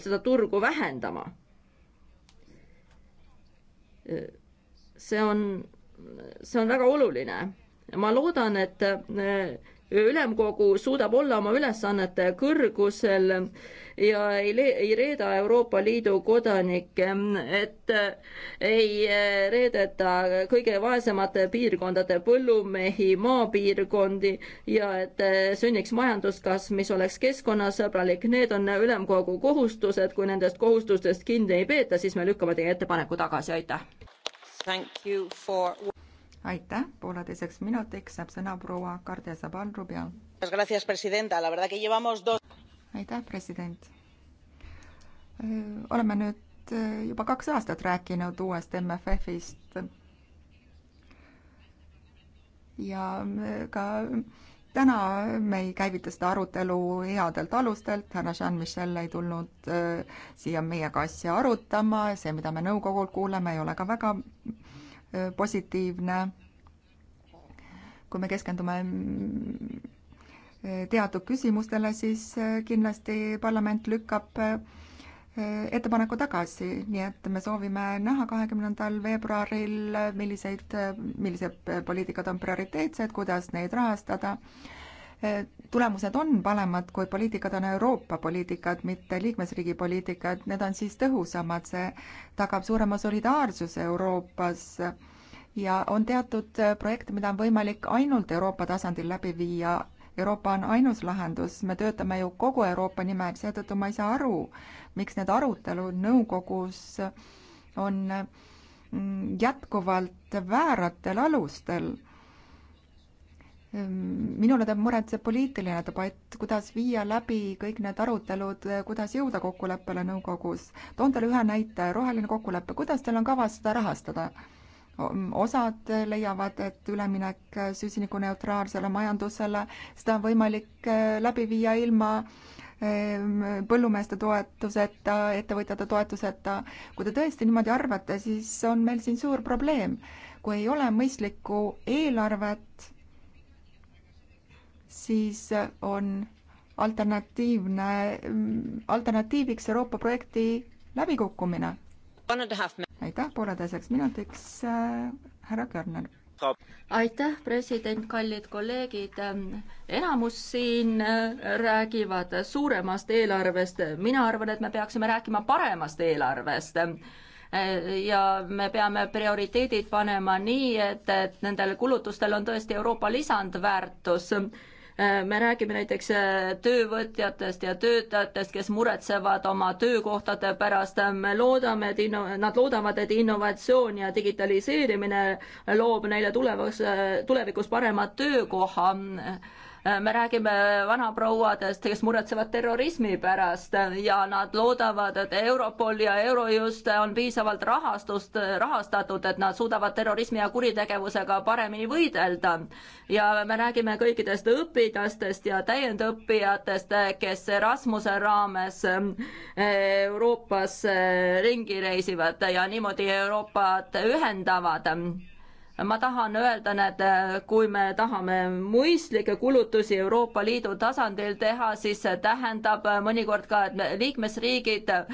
seda turgu vähendama. see on, see on väga oluline. ma loodan, et ülemkogu suudab olla oma ülesannete kõrgusel ja ei, ei reeda Euroopa Liidu kodanikke, et ei reedeta kõige vaesemate piirkondade põllumehi, maapiirkondi ja et sünniks majanduskasv, mis oleks keskkonnasõbralik, need on ülemkogu kohustused, kui nendest kohustustest kinni ei peeta, siis me lükkame teie ettepaneku tagasi, aitäh! For aitäh, pooleteiseks minutiks saab sõna proua Kardia Zabal-Rubial. aitäh, president. oleme nüüd juba kaks aastat rääkinud uuest MFF-ist. ja ka täna me ei käivita seda arutelu headelt alustelt, härra Jean-Michel ei tulnud siia meiega asja arutama, see, mida me nõukogult kuuleme, ei ole ka väga positiivne, kui me keskendume teatud küsimustele, siis kindlasti parlament lükkab ettepaneku tagasi, nii et me soovime näha kahekümnendal veebruaril, milliseid, millised poliitikad on prioriteetsed, kuidas neid rahastada tulemused on paremad, kui poliitikad on Euroopa poliitikad, mitte liikmesriigi poliitikad, need on siis tõhusamad, see tagab suurema solidaarsuse Euroopas ja on teatud projekte, mida on võimalik ainult Euroopa tasandil läbi viia. Euroopa on ainus lahendus, me töötame ju kogu Euroopa nimel, seetõttu ma ei saa aru, miks need arutelud nõukogus on jätkuvalt vääratel alustel Ehm, minule teeb muret see poliitiline debatt, kuidas viia läbi kõik need arutelud, eh, kuidas jõuda kokkuleppele nõukogus. toon teile ühe näite, roheline kokkulepe, kuidas teil on kavas seda rahastada? osad leiavad, et üleminek eh, süsinikuneutraalsele majandusele, seda on võimalik eh, läbi viia ilma ehm, põllumeeste toetuseta, ettevõtjate toetuseta. kui te tõesti niimoodi arvate, siis on meil siin suur probleem. kui ei ole mõistlikku eelarvet, siis äh, on alternatiivne, mm, alternatiiviks Euroopa projekti läbikukkumine. aitäh pooleteiseks minutiks äh,, härra Körner. aitäh, president, kallid kolleegid. enamus siin äh, räägivad suuremast eelarvest, mina arvan, et me peaksime rääkima paremast eelarvest äh, ja me peame prioriteedid panema nii, et, et nendel kulutustel on tõesti Euroopa lisandväärtus Äh, me räägime näiteks äh, töövõtjatest ja töötajatest, kes muretsevad oma töökohtade pärast, me loodame, et inno-, nad loodavad, et innovatsioon ja digitaliseerimine loob neile tulevas, tulevikus parema töökoha me räägime vanaprouadest, kes muretsevad terrorismi pärast ja nad loodavad, et Europol ja Eurojust on piisavalt rahastust, rahastatud, et nad suudavad terrorismi ja kuritegevusega paremini võidelda. ja me räägime kõikidest õpilastest ja täiendõppijatest, kes Erasmuse raames eh, Euroopas eh, ringi reisivad ja niimoodi Euroopat ühendavad ma tahan öelda, et äh, kui me tahame mõistlikke kulutusi Euroopa Liidu tasandil teha, siis see tähendab äh, mõnikord ka, et liikmesriigid äh,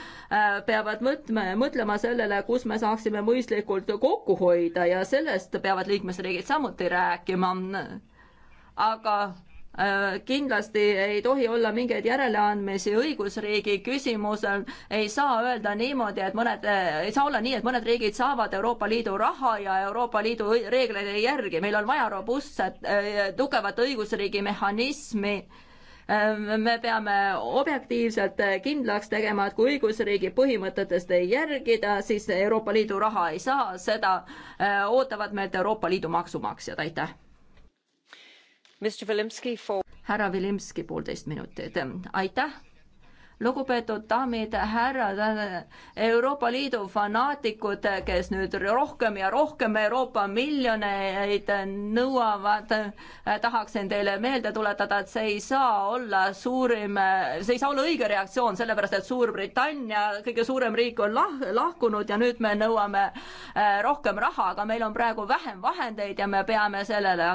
peavad mõtme, mõtlema sellele, kus me saaksime mõistlikult kokku hoida ja sellest peavad liikmesriigid samuti rääkima. aga Äh, kindlasti ei tohi olla mingeid järeleandmisi õigusriigi küsimusel, ei saa öelda niimoodi, et mõned, äh, ei saa olla nii, et mõned riigid saavad Euroopa Liidu raha ja Euroopa Liidu reegleid ei järgi, meil on vaja robustset, äh, tugevat õigusriigi mehhanismi ähm, me peame objektiivselt kindlaks tegema, et kui õigusriigi põhimõtetest ei järgida, siis Euroopa Liidu raha ei saa, seda ootavad meilt Euroopa Liidu maksumaksjad, aitäh härra Vilimski, poolteist minutit, aitäh lugupeetud daamid, härrad, Euroopa Liidu fanaatikud, kes nüüd rohkem ja rohkem Euroopa miljoneid nõuavad, tahaksin teile meelde tuletada, et see ei saa olla suurim, see ei saa olla õige reaktsioon, sellepärast et Suurbritannia, kõige suurem riik on lah-, lahkunud ja nüüd me nõuame äh, rohkem raha, aga meil on praegu vähem vahendeid ja me peame sellele,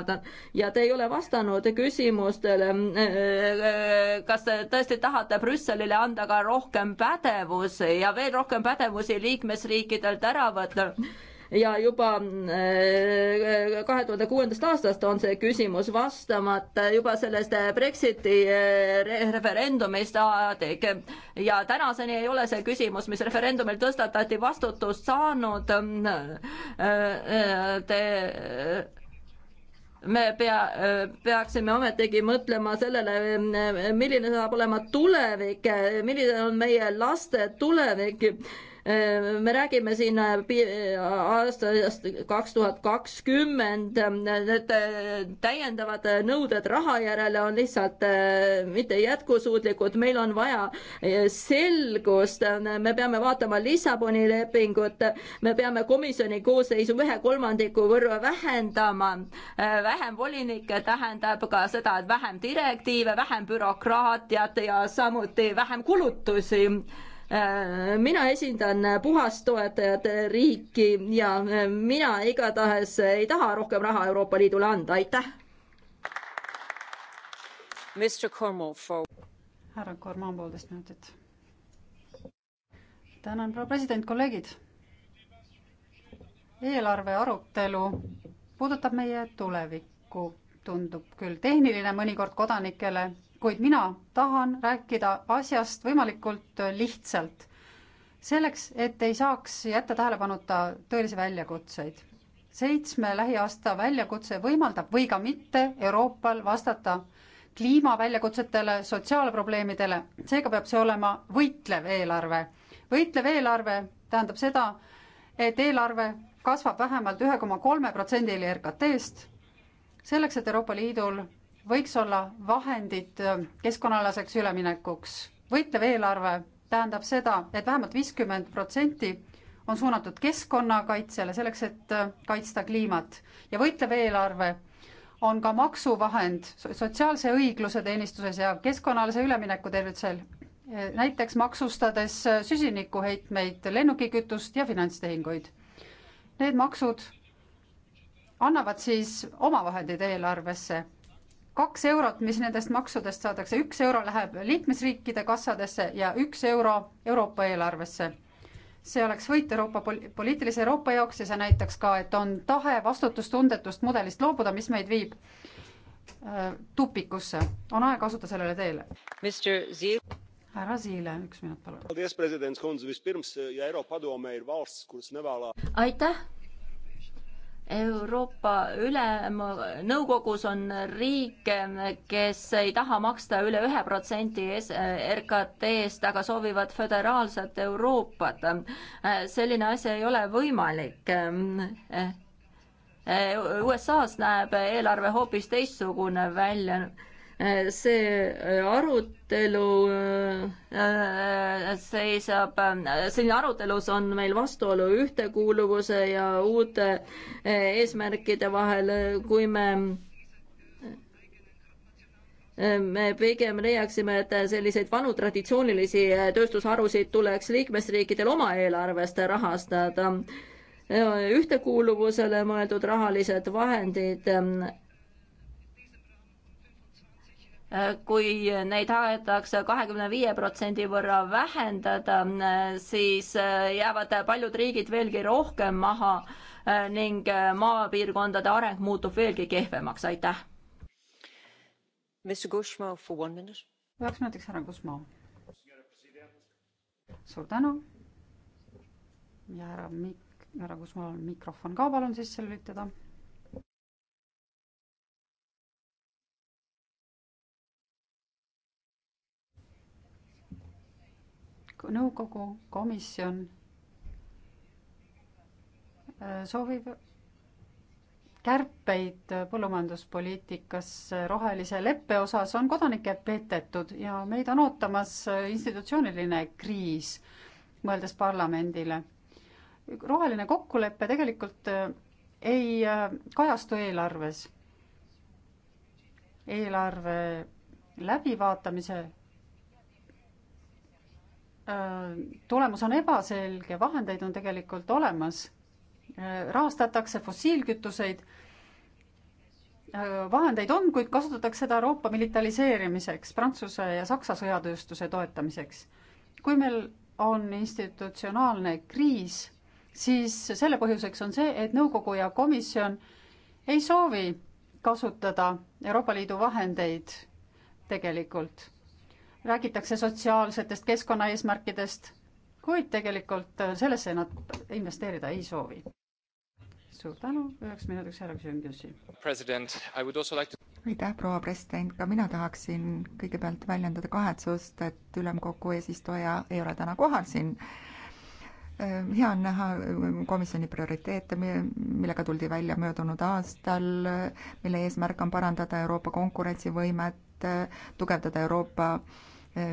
ja te ei ole vastanud küsimustele, äh, äh, kas te tõesti tahate Brüsselile neile anda ka rohkem pädevusi ja veel rohkem pädevusi liikmesriikidelt ära võtta ja juba äh, kahe tuhande kuuendast aastast on see küsimus vastamata, juba sellest Brexiti äh, referendumist saadik. ja tänaseni ei ole see küsimus, mis referendumil tõstatati, vastutust saanud. Äh, te me pea, peaksime ometigi mõtlema sellele, milline saab olema tulevik, milline on meie laste tulevik me räägime siin äh, äh, aastast kaks tuhat kakskümmend, need äh, täiendavad nõuded raha järele on lihtsalt mitte jätkusuutlikud, meil on vaja selgust, me peame vaatama Lissaboni lepingut, me peame komisjoni koosseisu ühe kolmandiku võrra vähendama, vähem volinikke tähendab ka seda, et vähem direktiive, vähem bürokraatiat ja samuti vähem kulutusi Äh, mina esindan puhastoetajate riiki ja äh, mina igatahes ei taha rohkem raha Euroopa Liidule anda, aitäh. härra Kormo, poolteist minutit. tänan, proua president, kolleegid. eelarve arutelu puudutab meie tulevikku, tundub küll tehniline mõnikord kodanikele kuid mina tahan rääkida asjast võimalikult äh, lihtsalt. selleks, et ei saaks jätta tähelepanuta tõelisi väljakutseid. seitsme lähiaasta väljakutse võimaldab või ka mitte Euroopal vastata kliimaväljakutsetele, sotsiaalprobleemidele, seega peab see olema võitlev eelarve. võitlev eelarve tähendab seda, et eelarve kasvab vähemalt ühe koma kolme protsendini RKT-st, RKT selleks, et Euroopa Liidul võiks olla vahendid äh, keskkonnaalaseks üleminekuks. võitlev eelarve tähendab seda, et vähemalt viiskümmend protsenti on suunatud keskkonnakaitsele, selleks et äh, kaitsta kliimat ja võitlev eelarve on ka maksuvahend sotsiaalse õigluse teenistuses ja keskkonnalise ülemineku tervitusel, äh, näiteks maksustades süsinikuheitmeid, lennukikütust ja finantstehinguid. Need maksud annavad siis omavahendid eelarvesse kaks eurot, mis nendest maksudest saadakse, üks euro läheb liikmesriikide kassadesse ja üks euro Euroopa eelarvesse. see oleks võit Euroopa pol-, poliitilise Euroopa jaoks ja see näitaks ka, et on tahe vastutustundetust mudelist loobuda, mis meid viib äh, tupikusse. on aeg asuda sellele teele. härra Ziile, üks minut palun. aitäh Euroopa Ülemnõukogus on riike, kes ei taha maksta üle ühe protsendi RKT-st, aga soovivad föderaalset Euroopat. selline asi ei ole võimalik. USA-s näeb eelarve hoopis teistsugune välja see äh, arutelu äh, äh, seisab, siin arutelus on meil vastuolu ühtekuuluvuse ja uute eesmärkide vahel, kui me me pigem leiaksime, et selliseid vanu traditsioonilisi tööstusharusid tuleks liikmesriikidel oma eelarvest rahastada. ühtekuuluvusele mõeldud rahalised vahendid kui neid tahetakse kahekümne viie protsendi võrra vähendada, siis äh, jäävad paljud riigid veelgi rohkem maha äh, ning äh, maapiirkondade areng muutub veelgi kehvemaks, aitäh. üheks minutiks härra Kusmaa. suur tänu. ja härra Mik-, härra Kusmaal mikrofon ka palun sisse lülitada nõukogu komisjon äh, soovib kärpeid põllumajanduspoliitikas rohelise leppe osas on kodanikke petetud ja meid on ootamas äh, institutsiooniline kriis, mõeldes parlamendile. roheline kokkulepe tegelikult äh, ei kajastu eelarves. eelarve läbivaatamise Äh, tulemus on ebaselge, vahendeid on tegelikult olemas, äh, rahastatakse fossiilkütuseid, äh, vahendeid on, kuid kasutatakse seda Euroopa militariseerimiseks, Prantsuse ja Saksa sõjatööstuse toetamiseks. kui meil on institutsionaalne kriis, siis selle põhjuseks on see, et nõukogu ja komisjon ei soovi kasutada Euroopa Liidu vahendeid tegelikult räägitakse sotsiaalsetest keskkonnaeesmärkidest, kuid tegelikult äh, sellesse nad investeerida ei soovi. suur tänu, üheks minutiks härra Küsimküsi. aitäh, proua president, ka mina tahaksin kõigepealt väljendada kahetsust, et ülemkogu eesistuja ei ole täna kohal siin äh, hea on näha äh, komisjoni prioriteete, millega tuldi välja möödunud aastal, mille eesmärk on parandada Euroopa konkurentsivõimet, tugevdada Euroopa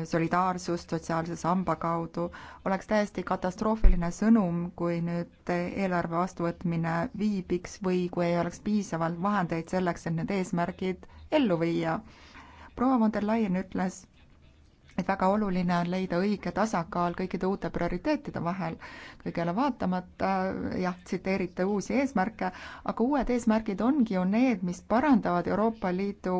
solidaarsust sotsiaalse samba kaudu. oleks täiesti katastroofiline sõnum, kui nüüd eelarve vastuvõtmine viibiks või kui ei oleks piisavalt vahendeid selleks, et need eesmärgid ellu viia. proua von der Leyen ütles, et väga oluline on leida õige tasakaal kõikide uute prioriteetide vahel. kõigele vaatamata jah, tsiteerite uusi eesmärke, aga uued eesmärgid ongi ju need, mis parandavad Euroopa Liidu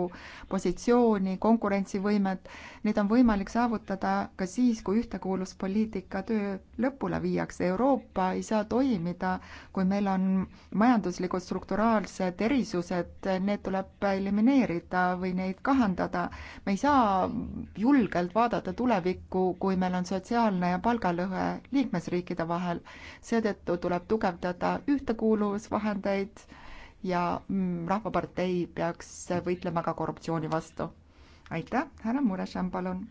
positsiooni, konkurentsivõimet. Neid on võimalik saavutada ka siis, kui ühtekuuluvuspoliitika töö lõpule viiakse. Euroopa ei saa toimida, kui meil on majanduslikud strukturaalsed erisused, need tuleb elimineerida või neid kahandada. me ei saa julgelt vaadata vaadata tulevikku, kui meil on sotsiaalne ja palgalõhe liikmesriikide vahel. seetõttu tuleb tugevdada ühtekuuluvusvahendeid ja mm, Rahvapartei peaks võitlema ka korruptsiooni vastu. aitäh, härra Murešan, palun.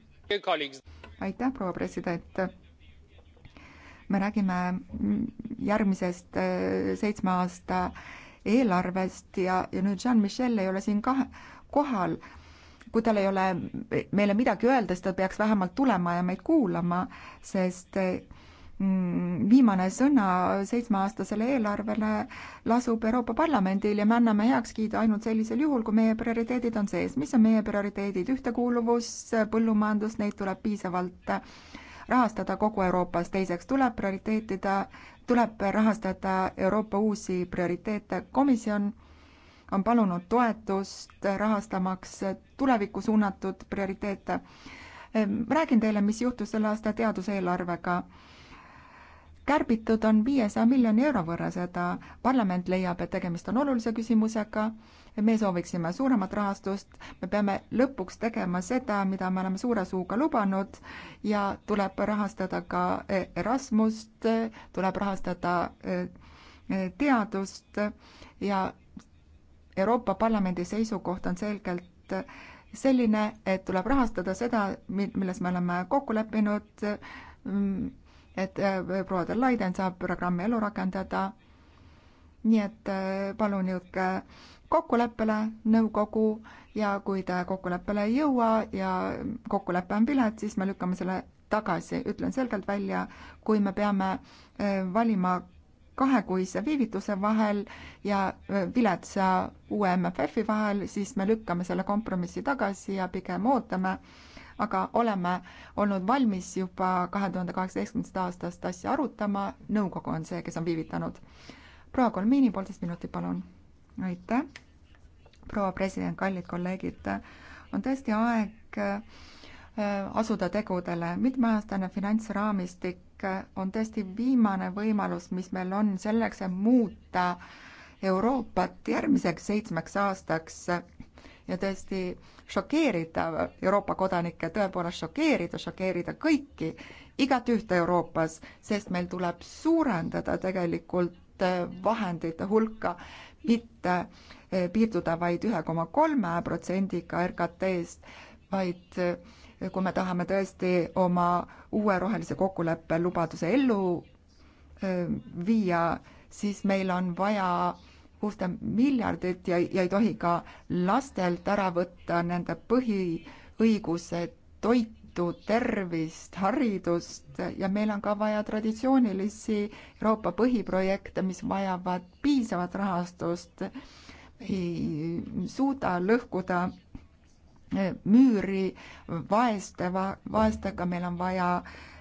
aitäh, proua president me räägime mm, järgmisest äh, seitsme aasta eelarvest ja, ja nüüd Jean Michel ei ole siin kahe, kohal kui tal ei ole meile midagi öelda, siis ta peaks vähemalt tulema ja meid kuulama, sest mm, viimane sõna seitsmeaastasele eelarvele lasub Euroopa Parlamendil ja me anname heakskiidu ainult sellisel juhul, kui meie prioriteedid on sees. mis on meie prioriteedid? ühtekuuluvus, põllumajandus, neid tuleb piisavalt rahastada kogu Euroopas, teiseks tuleb prioriteetida, tuleb rahastada Euroopa uusi prioriteete, komisjon on palunud toetust rahastamaks tulevikku suunatud prioriteete. Ehm, räägin teile, mis juhtus selle aasta teaduseelarvega kärbitud on viiesaja miljoni euro võrra seda, parlament leiab, et tegemist on olulise küsimusega, me sooviksime suuremat rahastust, me peame lõpuks tegema seda, mida me oleme suure suuga lubanud ja tuleb rahastada ka e, Erasmust, tuleb rahastada e, e, teadust ja Euroopa Parlamendi seisukoht on selgelt selline, et tuleb rahastada seda, milles me oleme kokku leppinud, et äh, proua der Laiden saab programmi ellu rakendada. nii et äh, palun jõudke kokkuleppele, nõukogu, ja kui te kokkuleppele ei jõua ja kokkulepe on pilet, siis me lükkame selle tagasi, ütlen selgelt välja, kui me peame äh, valima kahekuise viivituse vahel ja viletsa uue MFF-i vahel, siis me lükkame selle kompromissi tagasi ja pigem ootame, aga oleme olnud valmis juba kahe tuhande kaheksateistkümnendast aastast asja arutama, nõukogu on see, kes on viivitanud. proua Kolmiini, poolteist minutit, palun. aitäh, proua president, kallid kolleegid, on tõesti aeg asuda tegudele, mitmeaastane finantsraamistik hetk on tõesti viimane võimalus, mis meil on selleks, et muuta Euroopat järgmiseks seitsmeks aastaks ja tõesti šokeerida Euroopa kodanikke, tõepoolest šokeerida, šokeerida kõiki, igat ühte Euroopas, sest meil tuleb suurendada tegelikult äh, vahendite hulka, mitte äh, piirduda vaid ühe koma kolme protsendiga RKT-st, vaid äh, kui me tahame tõesti oma uue rohelise kokkuleppe lubaduse ellu viia, siis meil on vaja kuuskümmend miljardit ja, ja ei tohi ka lastelt ära võtta nende põhiõigused, toitu, tervist, haridust ja meil on ka vaja traditsioonilisi Euroopa põhiprojekte, mis vajavad piisavat rahastust. ei suuda lõhkuda müüri vaeste, vaestega, meil on vaja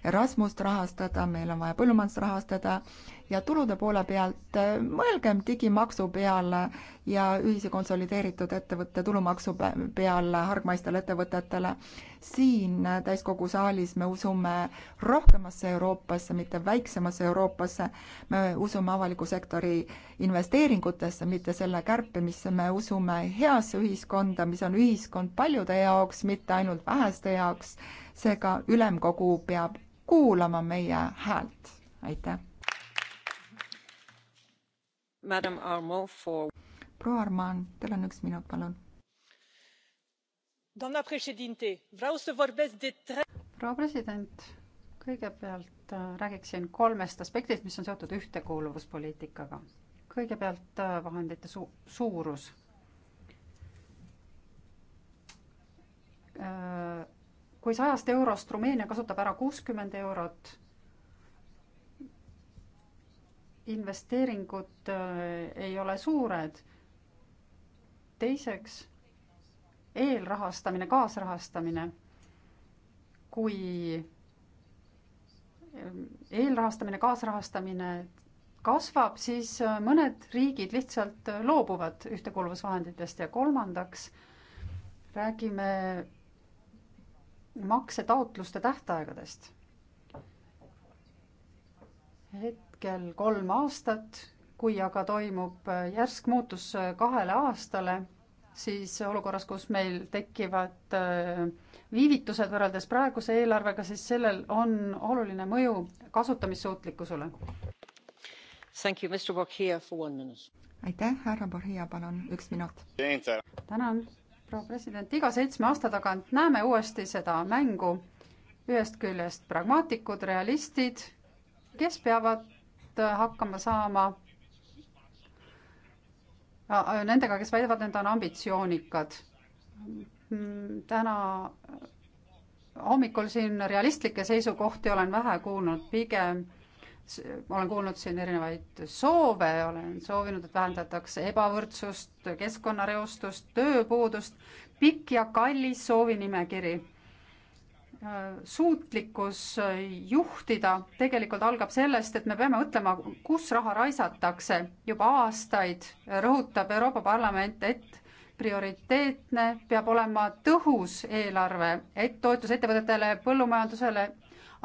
Erasmust rahastada, meil on vaja põllumajandust rahastada ja tulude poole pealt äh, mõelgem digimaksu peale ja ühise konsolideeritud ettevõtte tulumaksu peale hargmaistele ettevõtetele. siin äh, täiskogu saalis me usume rohkemasse Euroopasse, mitte väiksemasse Euroopasse. me usume avaliku sektori investeeringutesse, mitte selle kärpimisse, me usume heasse ühiskonda, mis on ühiskond paljude jaoks, mitte ainult väheste jaoks. seega ülemkogu peab kuulama meie häält. aitäh! For... proua Arman, teil on üks minut, palun. proua president, kõigepealt äh, räägiksin kolmest aspektist, mis on seotud ühtekuuluvuspoliitikaga. kõigepealt äh, vahendite su-, suurus äh, kui sajast eurost Rumeenia kasutab ära kuuskümmend eurot, investeeringud äh, ei ole suured. teiseks, eelrahastamine, kaasrahastamine. kui äh, eelrahastamine, kaasrahastamine kasvab, siis äh, mõned riigid lihtsalt loobuvad ühtekuuluvusvahenditest ja kolmandaks räägime maksetaotluste tähtaegadest. et hetkel kolm aastat, kui aga toimub äh, järsk muutus äh, kahele aastale, siis olukorras, kus meil tekivad äh, viivitused võrreldes praeguse eelarvega, siis sellel on oluline mõju kasutamissuutlikkusele. aitäh, härra Borgia, palun üks minut. tänan, proua president, iga seitsme aasta tagant näeme uuesti seda mängu, ühest küljest pragmaatikud, realistid, kes peavad Äh, hakkama saama äh, äh, nendega, kes väidavad, et nad on ambitsioonikad. Mm, täna hommikul siin realistlikke seisukohti olen vähe kuulnud, pigem olen kuulnud siin erinevaid soove, olen soovinud, et vähendatakse ebavõrdsust, keskkonnareostust, tööpuudust, pikk ja kallis soovinimekiri Äh, suutlikkus äh, juhtida tegelikult algab sellest, et me peame mõtlema, kus raha raisatakse. juba aastaid rõhutab Euroopa Parlament, et prioriteetne peab olema tõhus eelarve, et toetus ettevõtetele, põllumajandusele,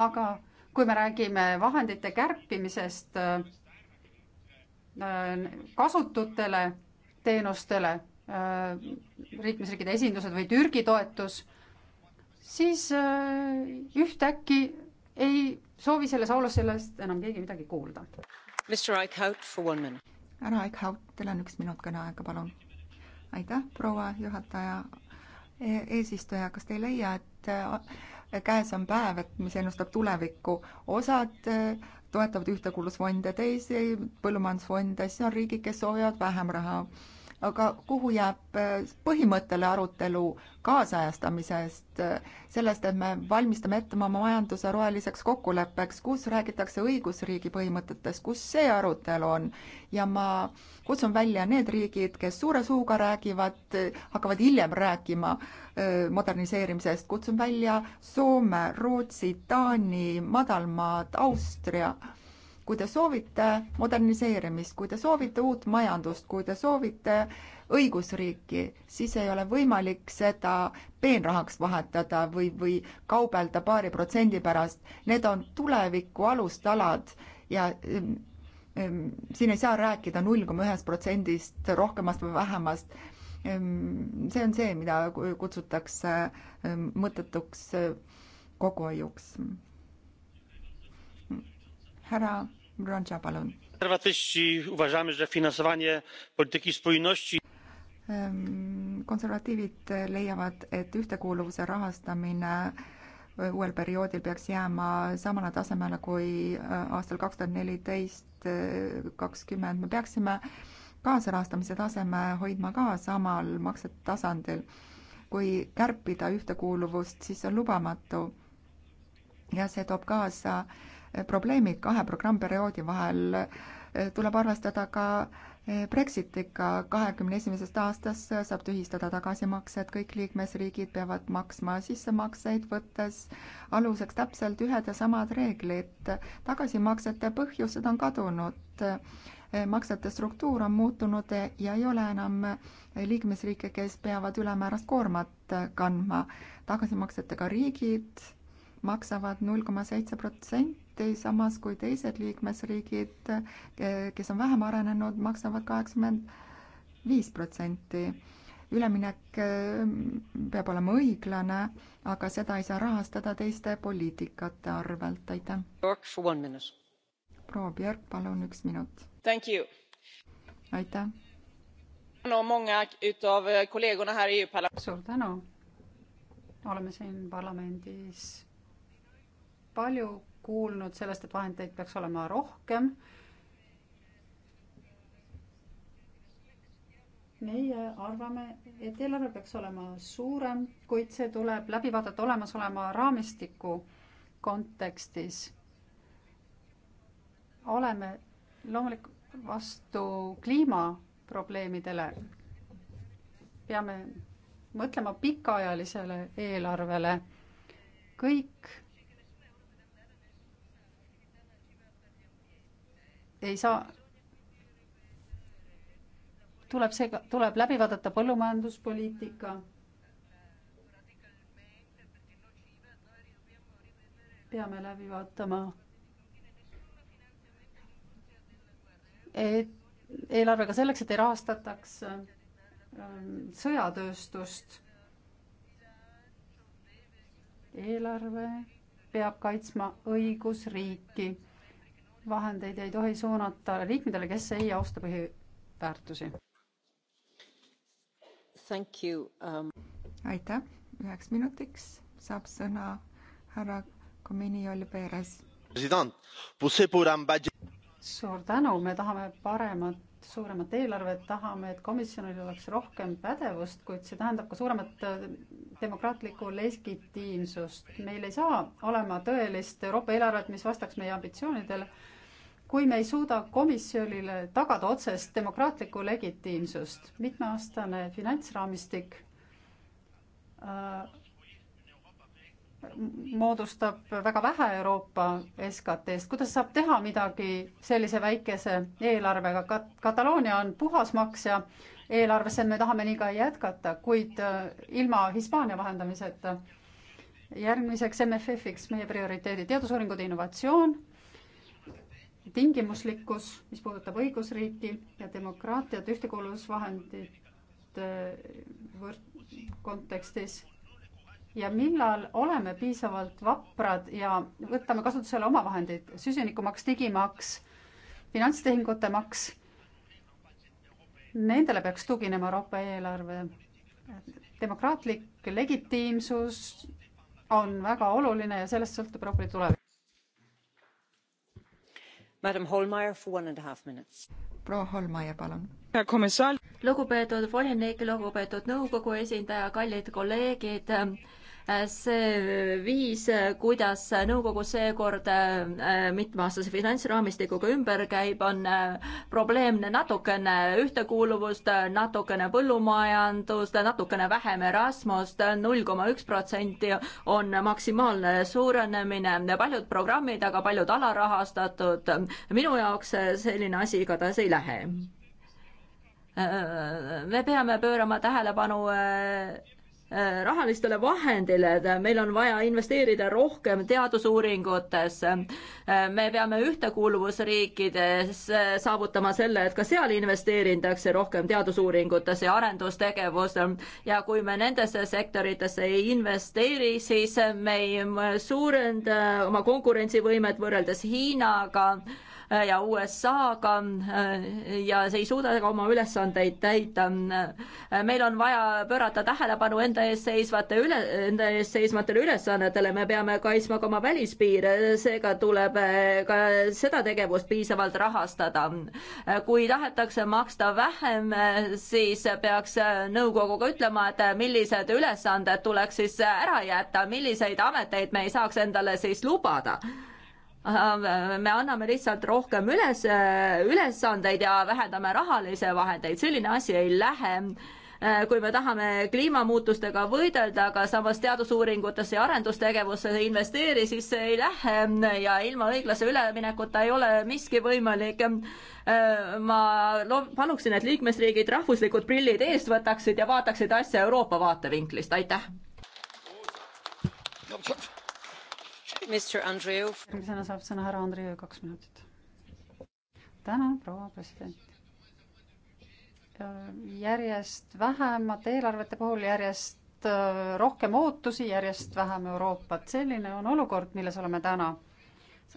aga kui me räägime vahendite kärpimisest äh, kasututele teenustele, liikmesriikide esindused või Türgi toetus siis äh, ühtäkki ei soovi selles aulus sellest enam keegi midagi kuulda. härra Eichhout, teil on üks minut kõneaega, palun. aitäh, proua juhataja e. eesistuja, kas te ei leia, et äh, käes on päev, et mis ennustab tulevikku, osad äh, toetavad ühtekuuluvusfonde, teisi põllumajandusfonde, siis on riigid, kes soovivad vähem raha aga kuhu jääb äh, põhimõttele arutelu kaasajastamisest, äh, sellest, et me valmistame ette oma majanduse roheliseks kokkuleppeks, kus räägitakse õigusriigi põhimõtetest, kus see arutelu on. ja ma kutsun välja need riigid, kes suure suuga räägivad, hakkavad hiljem rääkima äh, moderniseerimisest, kutsun välja Soome, Rootsi, Taani, Madalmaad, Austria kui te soovite moderniseerimist, kui te soovite uut majandust, kui te soovite õigusriiki, siis ei ole võimalik seda peenrahaks vahetada või, või kaubelda paari protsendi pärast. Need on tuleviku alustalad ja ähm, ähm, siin ei saa rääkida null koma ühest protsendist rohkemast või vähemast ähm,. see on see, mida kutsutakse mõttetuks kokkuhoiuks härra Bronsa, palun. konservatiivid leiavad, et ühtekuuluvuse rahastamine e, uuel perioodil peaks jääma samale tasemele kui e, aastal kaks tuhat neliteist, e, kakskümmend, me peaksime kaasrahastamise taseme hoidma ka samal maksete tasandil. kui kärpida ühtekuuluvust, siis see on lubamatu. ja see toob kaasa äh, probleemid kahe programmperioodi vahel. tuleb arvestada ka eh, Brexitiga, kahekümne esimesest aastast saab tühistada tagasimaksed, kõik liikmesriigid peavad maksma sissemakseid, võttes aluseks täpselt ühed ja samad reeglid. tagasimaksete põhjused on kadunud, eh, maksete struktuur on muutunud ja ei ole enam liikmesriike, kes peavad ülemäärast koormat kandma. tagasimaksetega riigid maksavad null koma seitse protsenti, samas kui teised liikmesriigid, kes on vähem arenenud, maksavad kaheksakümmend viis protsenti. üleminek ähm, peab olema õiglane, aga seda ei saa rahastada teiste poliitikate arvelt, aitäh. proua Björk, palun üks minut. aitäh. suur tänu oleme siin parlamendis palju kuulnud sellest, et vahendeid peaks olema rohkem. meie arvame, et eelarve peaks olema suurem, kuid see tuleb läbi vaadata olemasoleva raamistiku kontekstis. oleme loomulikult vastu kliimaprobleemidele. peame mõtlema pikaajalisele eelarvele. kõik ei saa, tuleb seega, tuleb läbi vaadata põllumajanduspoliitika. peame läbi vaatama, et eelarvega selleks, et ei rahastataks ähm, sõjatööstust. eelarve peab kaitsma õigusriiki vahendeid ei tohi suunata liikmetele, kes ei austa põhiväärtusi. Um... aitäh, üheks minutiks saab sõna härra Komini Olperes. suur tänu, me tahame paremat, suuremat eelarvet, tahame, et komisjonil oleks rohkem pädevust, kuid see tähendab ka suuremat äh, demokraatlikku legitiimsust. meil ei saa olema tõelist Euroopa eelarvet, mis vastaks meie ambitsioonidele kui me ei suuda komisjonile tagada otsest demokraatlikku legitiimsust. mitmeaastane finantsraamistik äh, moodustab väga vähe Euroopa SKT-st, kuidas saab teha midagi sellise väikese eelarvega Kat, Kataloonia on puhas maksja eelarvesse, me tahame nii ka jätkata, kuid äh, ilma Hispaania vahendamiseta. järgmiseks MFF-iks meie prioriteedid, teadusuuringud ja innovatsioon tingimuslikkus, mis puudutab õigusriiki ja demokraatiat ühtekuuluvusvahendit eh, võrd-, kontekstis ja millal oleme piisavalt vaprad ja võtame kasutusele oma vahendeid, süsinikumaks, digimaks, finantstehingute maks, nendele peaks tuginema Euroopa eelarve. demokraatlik legitiimsus on väga oluline ja sellest sõltub Euroopa Liidu tulevik proua Holmaier, palun. lugupeetud volinik, lugupeetud nõukogu esindaja, kallid kolleegid see viis, kuidas nõukogu seekord äh, mitmeaastase finantsraamistikuga ümber käib, on äh, probleemne natukene ühtekuuluvust, natukene põllumajandust, natukene vähem Erasmust, null koma üks protsenti on maksimaalne suurenemine, paljud programmid, aga paljud alarahastatud. minu jaoks selline asi igatahes ei lähe. Äh, me peame pöörama tähelepanu Äh, rahalistele vahendile, meil on vaja investeerida rohkem teadusuuringutesse. Äh, me peame ühtekuuluvusriikides äh, saavutama selle, et ka seal investeeritakse rohkem teadusuuringutesse ja arendustegevusse ja kui me nendesse sektoritesse ei investeeri, siis me ei suurenda oma konkurentsivõimet võrreldes Hiinaga Äh, ja USA-ga äh, ja see ei suuda ka oma ülesandeid täita. Äh, meil on vaja pöörata tähelepanu enda ees seisvate üle, enda ees seisvatele ülesannetele, me peame kaitsma ka oma välispiire, seega tuleb ka seda tegevust piisavalt rahastada. kui tahetakse maksta vähem, siis peaks nõukoguga ütlema, et millised ülesanded tuleks siis ära jätta, milliseid ameteid me ei saaks endale siis lubada Äh, me anname lihtsalt rohkem üles, äh, ülesandeid ja vähendame rahalisi vahendeid, selline asi ei lähe äh, kui me tahame kliimamuutustega võidelda, aga samas teadusuuringutesse ja arendustegevusse ei investeeri, siis see ei lähe ja ilma õiglase üleminekuta ei ole miski võimalik. ma paluksin, et liikmesriigid rahvuslikud prillid eest võtaksid ja vaataksid asja Euroopa vaatevinklist, aitäh järgmisena saab sõna härra Andrei, kaks minutit. tänan, proua president äh, järjest vähemate eelarvete puhul järjest äh, rohkem ootusi, järjest vähem Euroopat, selline on olukord, milles oleme täna.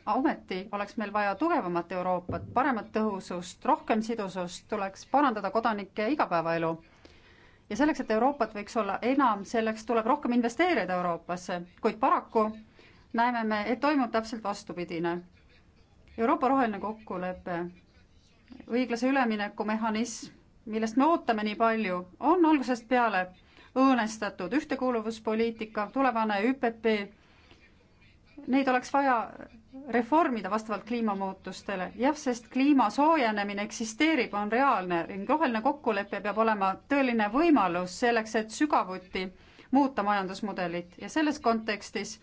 ometi oleks meil vaja tugevamat Euroopat, paremat tõhusust, rohkem sidusust, tuleks parandada kodanike igapäevaelu. ja selleks, et Euroopat võiks olla enam, selleks tuleb rohkem investeerida Euroopasse, kuid paraku näeme me, et toimub täpselt vastupidine. Euroopa roheline kokkulepe, õiglase ülemineku mehhanism, millest me ootame nii palju, on algusest peale õõnestatud ühtekuuluvuspoliitika, tulevane ÜPP, neid oleks vaja reformida vastavalt kliimamuutustele, jah, sest kliima soojenemine eksisteerib, on reaalne ning roheline kokkulepe peab olema tõeline võimalus selleks, et sügavuti muuta majandusmudelit ja selles kontekstis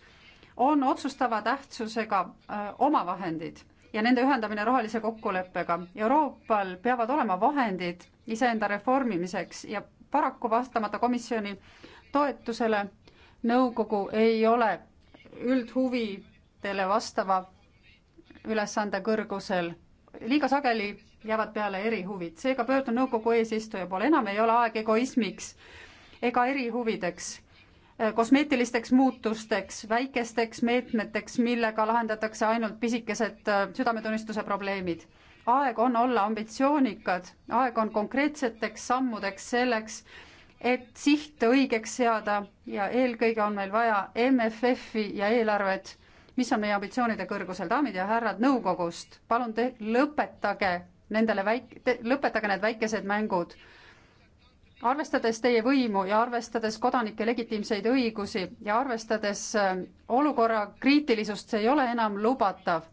on otsustava tähtsusega äh, omavahendid ja nende ühendamine rohelise kokkuleppega. Euroopal peavad olema vahendid iseenda reformimiseks ja paraku vastamata komisjoni toetusele nõukogu ei ole üldhuvidele vastava ülesande kõrgusel. liiga sageli jäävad peale erihuvid, seega pöördun nõukogu eesistuja poole, enam ei ole aeg egoismiks ega erihuvideks Äh, kosmeetilisteks muutusteks, väikesteks meetmeteks, millega lahendatakse ainult pisikesed äh, südametunnistuse probleemid. aeg on olla ambitsioonikad, aeg on konkreetseteks sammudeks selleks, et siht õigeks seada ja eelkõige on meil vaja MFF-i ja eelarvet, mis on meie ambitsioonide kõrgusel. daamid ja härrad nõukogust, palun te lõpetage nendele väik-, lõpetage need väikesed mängud arvestades teie võimu ja arvestades kodanike legitiimseid õigusi ja arvestades äh, olukorra kriitilisust, see ei ole enam lubatav.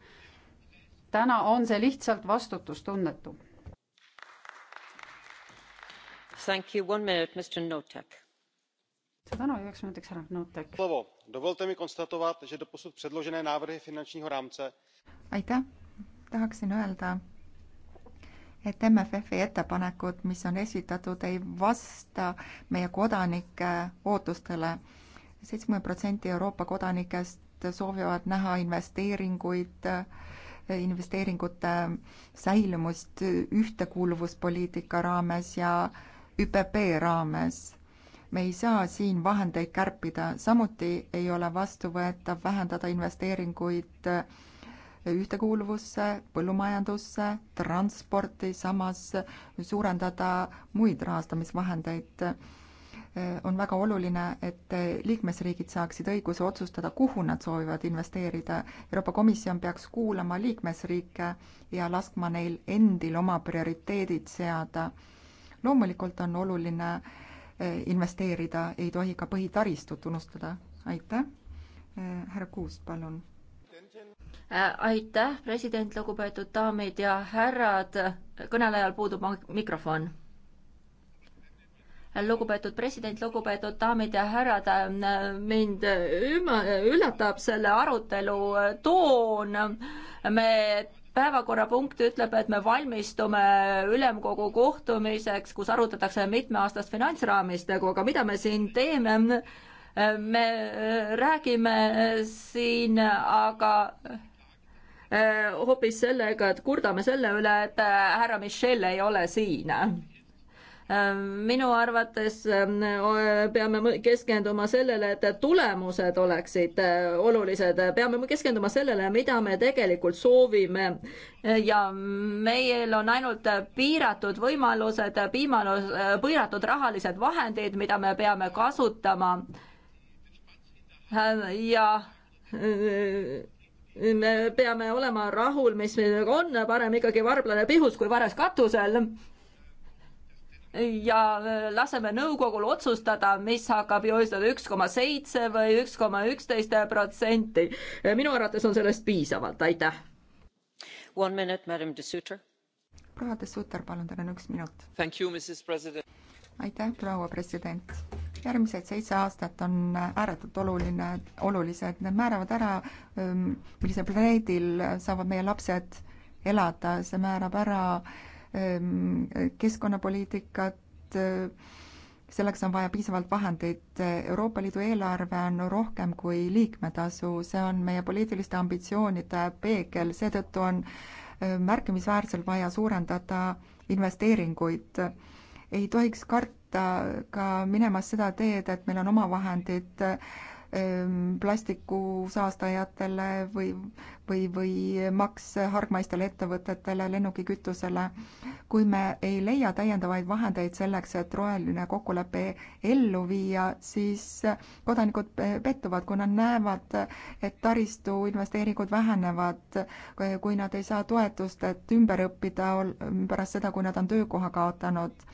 täna on see lihtsalt vastutustunnetu. suur tänu, üheks minutiks härra Notek. Dovolte mi konstatovat, že doposud předložené návrhy finančního rámce aitäh, tahaksin öelda, et MFF-i ettepanekud, mis on esitatud, ei vasta meie kodanike ootustele. seitsekümmend protsenti Euroopa kodanikest soovivad näha investeeringuid, investeeringute säilumust ühtekuuluvuspoliitika raames ja ÜPP raames me ei saa siin vahendeid kärpida, samuti ei ole vastuvõetav vähendada investeeringuid ühtekuuluvusse, põllumajandusse, transporti, samas suurendada muid rahastamisvahendeid. on väga oluline, et liikmesriigid saaksid õiguse otsustada, kuhu nad soovivad investeerida. Euroopa Komisjon peaks kuulama liikmesriike ja laskma neil endil oma prioriteedid seada. loomulikult on oluline eh, investeerida, ei tohi ka põhitaristut unustada. aitäh! Eh, härra Kuusk, palun! Äh, aitäh, president, lugupeetud daamid ja härrad, kõnelejal puudub mikrofon äh, lugupeetud president, lugupeetud daamid ja härrad, äh, mind üllatab selle arutelu toon. me päevakorrapunkt ütleb, et me valmistume ülemkogu kohtumiseks, kus arutatakse mitmeaastast finantsraamistikku, aga mida me siin teeme? me räägime siin aga Äh, hoopis sellega, et kurdame selle üle, et äh, härra Michel ei ole siin äh, minu arvates peame keskenduma sellele, et tulemused oleksid olulised, peame keskenduma sellele, mida me tegelikult soovime. ja meil on ainult piiratud võimalused, piimalus, piiratud rahalised vahendid, mida me peame kasutama. ja me peame olema rahul, mis meil on, parem ikkagi varblane pihus kui vares katusel. ja äh, laseme nõukogul otsustada, mis hakkab joostada üks koma seitse või üks koma üksteist protsenti. Äh, minu arvates on sellest piisavalt, aitäh. One minute, madam de Suter. proua de Suter, palun, teil on üks minut. aitäh, proua president järgmised seitse aastat on ääretult oluline, olulised, need määravad ära, ähm, millisel planeedil saavad meie lapsed elada, see määrab ära ähm, keskkonnapoliitikat, selleks on vaja piisavalt vahendeid, Euroopa Liidu eelarve on rohkem kui liikmetasu, see on meie poliitiliste ambitsioonide peegel, seetõttu on ähm, märkimisväärselt vaja suurendada investeeringuid ei tohiks karta ka minemas seda teed, et meil on omavahendid ähm, plastikusaastajatele või, või, või maks hargmaistele ettevõtetele, lennukikütusele. kui me ei leia täiendavaid vahendeid selleks, et roheline kokkulepe ellu viia, siis kodanikud pettuvad, kui nad näevad, et taristu investeeringud vähenevad, kui nad ei saa toetust, et ümber õppida pärast seda, kui nad on töökoha kaotanud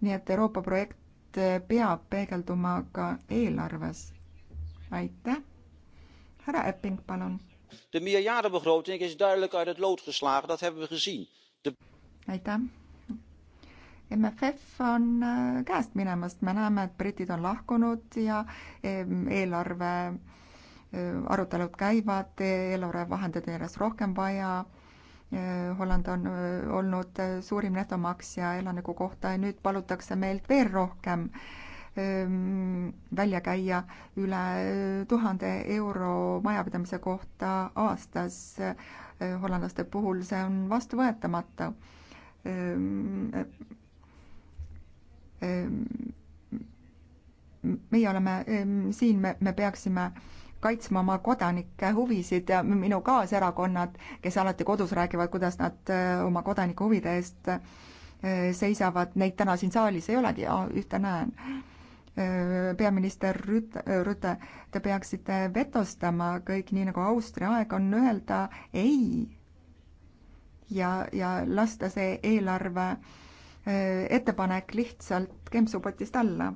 nii et Euroopa projekt peab peegelduma ka eelarves. aitäh. härra Epping, palun. De meerjarenbegroting is duidelijk uit het lood geslagen, dat hebben we gezien. De... aitäh. MFF on äh, käest minemas, me näeme, et britid on lahkunud ja eelarve äh, arutelud käivad, eelarvevahendeid on järjest rohkem vaja Äh, Holland on äh, olnud äh, suurim netomaksja elaniku kohta ja nüüd palutakse meilt veel rohkem ähm, välja käia üle tuhande euro majapidamise kohta aastas. hollandlaste puhul see on vastuvõetamatu ähm, ähm, meie oleme siin, me, me peaksime kaitsma oma kodanike huvisid ja minu kaaserakonnad, kes alati kodus räägivad, kuidas nad eh, oma kodanike huvide eest eh, seisavad, neid täna siin saalis ei olegi ja ühte näen. Eh, peaminister Rüt-, Rüte, te peaksite vetostama kõik nii, nagu Austria aeg on, öelda ei ja, ja lasta see eelarve ettepanek lihtsalt kempsupotist alla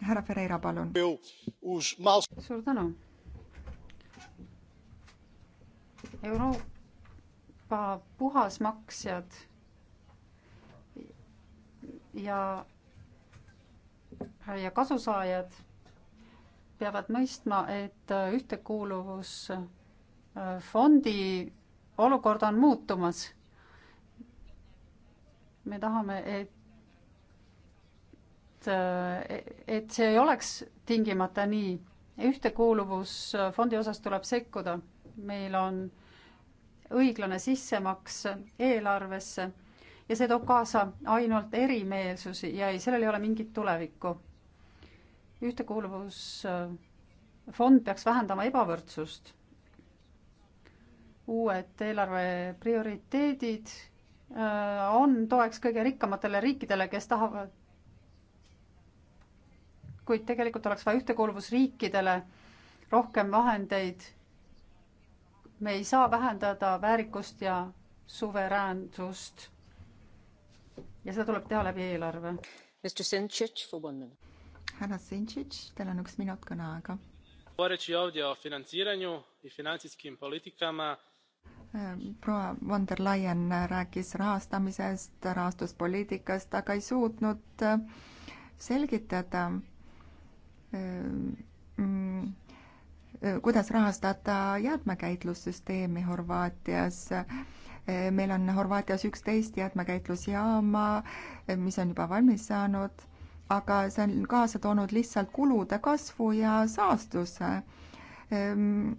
härra Ferreira, palun. suur tänu. Euroopa puhasmaksjad ja, ja kasusaajad peavad mõistma, et ühtekuuluvusfondi olukord on muutumas. me tahame, et et see ei oleks tingimata nii. ühtekuuluvusfondi osas tuleb sekkuda, meil on õiglane sissemakse eelarvesse ja see toob kaasa ainult erimeelsusi ja ei, sellel ei ole mingit tulevikku. ühtekuuluvusfond peaks vähendama ebavõrdsust. uued eelarve prioriteedid äh, on toeks kõige rikkamatele riikidele, kes tahavad kuid tegelikult oleks vaja ühtekuuluvusriikidele rohkem vahendeid. me ei saa vähendada väärikust ja suveräänsust. ja seda tuleb teha läbi eelarve. härra Sintšitš, teil on üks minut kõneaega. Ehm, proua von der Leyen rääkis rahastamisest, rahastuspoliitikast, aga ei suutnud äh, selgitada, Ehm, mm, eh, kuidas rahastada jäätmekäitlussüsteemi Horvaatias. Eh, meil on Horvaatias üksteist jäätmekäitlusjaama, eh, mis on juba valmis saanud, aga see on kaasa toonud lihtsalt kulude kasvu ja saastuse. Ehm,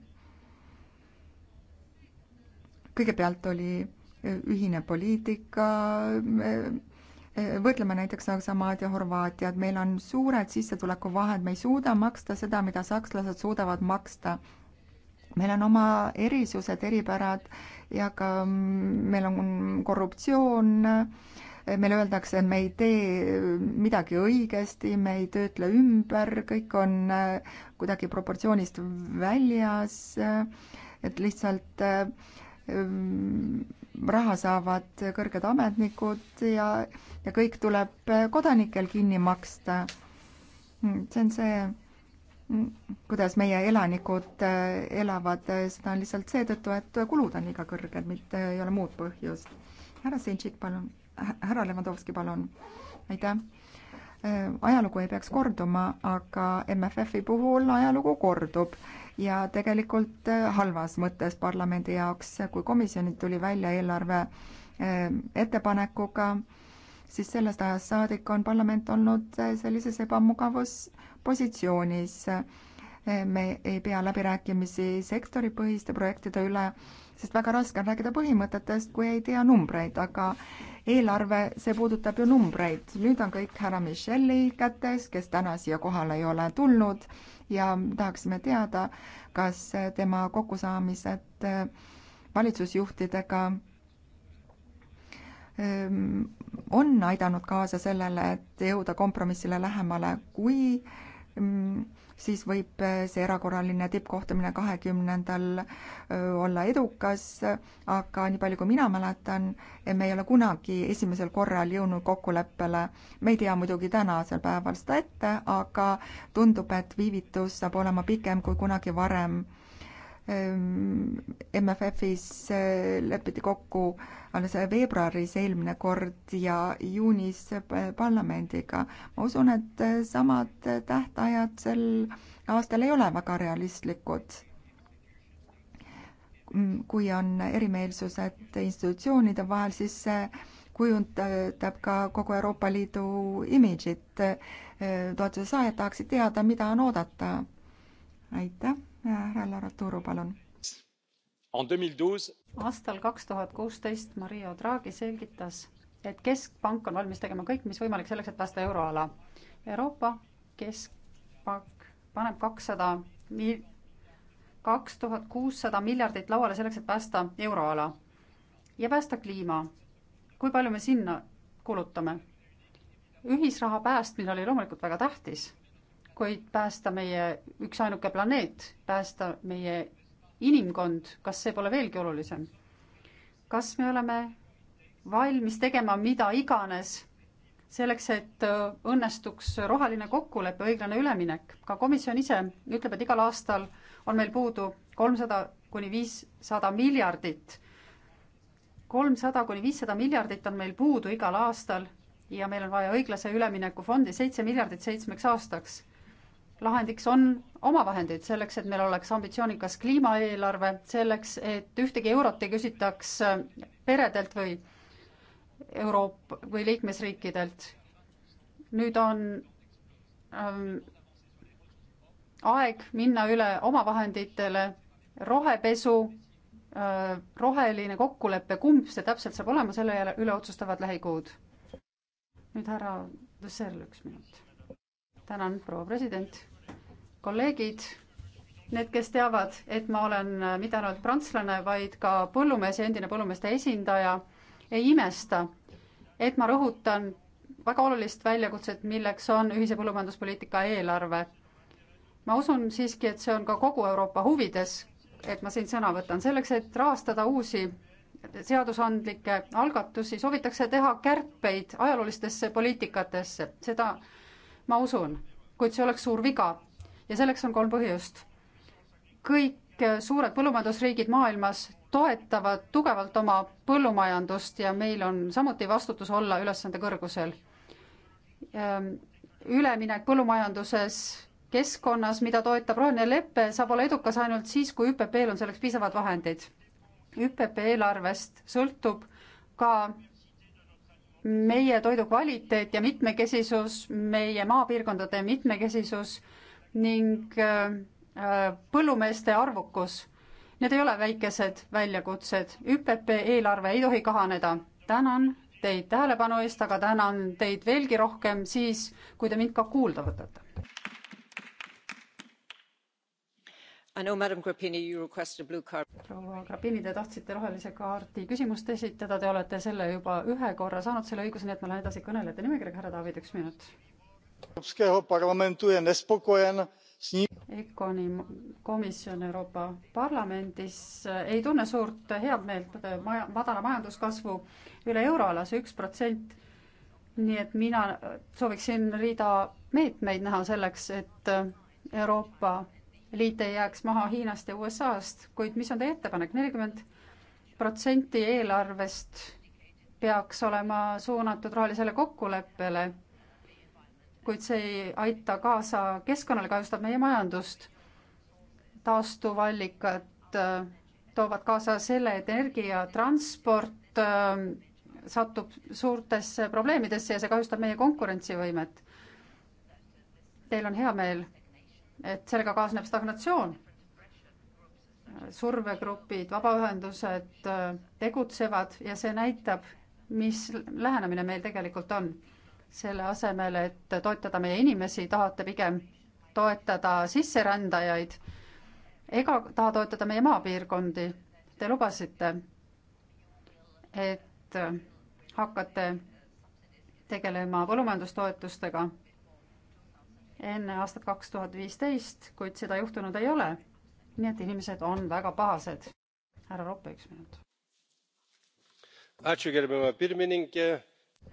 kõigepealt oli ühine poliitika võrdleme näiteks Saksamaad ja Horvaatiat, meil on suured sissetulekuvahed, me ei suuda maksta seda, mida sakslased suudavad maksta. meil on oma erisused, eripärad ja ka mm, meil on korruptsioon, meile öeldakse, me ei tee mm, midagi õigesti, me ei töötle ümber, kõik on mm, kuidagi proportsioonist väljas, et lihtsalt äh, Ehm, raha saavad kõrged ametnikud ja, ja kõik tuleb kodanikel kinni maksta. Hmm, see on see, hmm, kuidas meie elanikud eh, elavad, seda on lihtsalt seetõttu, et kulud on liiga kõrged, mitte eh, ei ole muud põhjust. härra Sintšik, palun, härra Levanovski, palun, aitäh eh, ajalugu ei peaks korduma, aga MFF-i puhul ajalugu kordub ja tegelikult äh, halvas mõttes parlamendi jaoks, kui komisjonid tuli välja eelarve äh, ettepanekuga, siis sellest ajast saadik on parlament olnud äh, sellises ebamugavuspositsioonis. me ei pea läbirääkimisi sektoripõhiste projektide üle, sest väga raske on rääkida põhimõtetest, kui ei tea numbreid, aga eelarve, see puudutab ju numbreid. nüüd on kõik härra Michelli kätes, kes täna siia kohale ei ole tulnud ja tahaksime teada, kas tema kokkusaamised äh, valitsusjuhtidega ähm, on aidanud kaasa sellele, et jõuda kompromissile lähemale, kui mm, siis võib äh, see erakorraline tippkohtumine kahekümnendal äh, olla edukas, aga nii palju, kui mina mäletan, eh, me ei ole kunagi esimesel korral jõudnud kokkuleppele. me ei tea muidugi tänasel päeval seda ette, aga tundub, et viivitus saab olema pikem kui kunagi varem MFF-is ehm, eh, lepiti kokku alles veebruaris eelmine kord ja juunis eh, parlamendiga. ma usun, et eh, samad tähtajad sel aastal ei ole väga realistlikud. Mm, kui on erimeelsused institutsioonide vahel, siis see kujundab ka kogu Euroopa Liidu imidžit. toetuse saajad tahaksid teada, mida on oodata. aitäh! härra Laraturu, palun. aastal kaks tuhat kuusteist Mario Draghi selgitas, et keskpank on valmis tegema kõik, mis võimalik selleks, et päästa euroala. Euroopa Keskpank paneb kakssada mil-, kaks tuhat kuussada miljardit lauale selleks, et päästa euroala ja päästa kliima. kui palju me sinna kulutame? ühisraha päästmine oli loomulikult väga tähtis kuid päästa meie üksainuke planeet, päästa meie inimkond, kas see pole veelgi olulisem? kas me oleme valmis tegema mida iganes selleks, et äh, õnnestuks roheline kokkulepe, õiglane üleminek? ka komisjon ise ütleb, et igal aastal on meil puudu kolmsada kuni viissada miljardit. kolmsada kuni viissada miljardit on meil puudu igal aastal ja meil on vaja õiglase ülemineku fondi seitse miljardit seitsmeks aastaks lahendiks on omavahendeid selleks, et meil oleks ambitsioonikas kliimaeelarve, selleks, et ühtegi eurot ei küsitaks äh, peredelt või Euroopa või liikmesriikidelt. nüüd on ähm, aeg minna üle omavahenditele, rohepesu äh,, roheline kokkulepe, kumb see täpselt saab olema, selle üle otsustavad lähikuud. nüüd härra Sõrl, üks minut tänan, proua president, kolleegid, need, kes teavad, et ma olen mitte ainult prantslane, vaid ka põllumees ja endine põllumeeste esindaja, ei imesta, et ma rõhutan väga olulist väljakutset, milleks on ühise põllumajanduspoliitika eelarve. ma usun siiski, et see on ka kogu Euroopa huvides, et ma siin sõna võtan, selleks, et rahastada uusi seadusandlikke algatusi, soovitakse teha kärpeid ajaloolistesse poliitikatesse, seda ma usun, kuid see oleks suur viga ja selleks on kolm põhjust. kõik suured põllumajandusriigid maailmas toetavad tugevalt oma põllumajandust ja meil on samuti vastutus olla ülesande kõrgusel. Ehm, üleminek põllumajanduses keskkonnas, mida toetab roheline lepe, saab olla edukas ainult siis, kui ÜPP-l on selleks piisavad vahendid. ÜPP eelarvest sõltub ka meie toidu kvaliteet ja mitmekesisus, meie maapiirkondade mitmekesisus ning äh, äh, põllumeeste arvukus. Need ei ole väikesed väljakutsed, ÜPP eelarve ei tohi kahaneda. tänan teid tähelepanu eest, aga tänan teid veelgi rohkem siis, kui te mind ka kuulda võtate. proua Grabini, te tahtsite rohelise kaardi küsimust esitada, te olete selle juba ühe korra saanud selle õiguse, nii et ma lähen edasi kõnelejate nimekirjaga, härra David, üks minut. ECONi komisjon Euroopa Parlamendis ei tunne suurt heameelt maja, madala majanduskasvu üle euroalas, üks protsent. nii et mina sooviksin rida meetmeid näha selleks, et Euroopa liit ei jääks maha Hiinast ja USA-st, kuid mis on teie ettepanek, nelikümmend protsenti eelarvest peaks olema suunatud rohelisele kokkuleppele, kuid see ei aita kaasa keskkonnale, kahjustab meie majandust. taastuvallikad äh, toovad kaasa selle, et energia, transport äh, satub suurtesse probleemidesse ja see kahjustab meie konkurentsivõimet. Teil on hea meel et sellega kaasneb stagnatsioon. survegrupid, vabaühendused äh, tegutsevad ja see näitab, mis lähenemine meil tegelikult on. selle asemel, et toetada meie inimesi, tahate pigem toetada sisserändajaid ega taha toetada meie maapiirkondi. Te lubasite, et äh, hakkate tegelema põllumajandustoetustega enne aastat kaks tuhat viisteist, kuid seda juhtunud ei ole. nii et inimesed on väga pahased. härra Roppe, üks minut.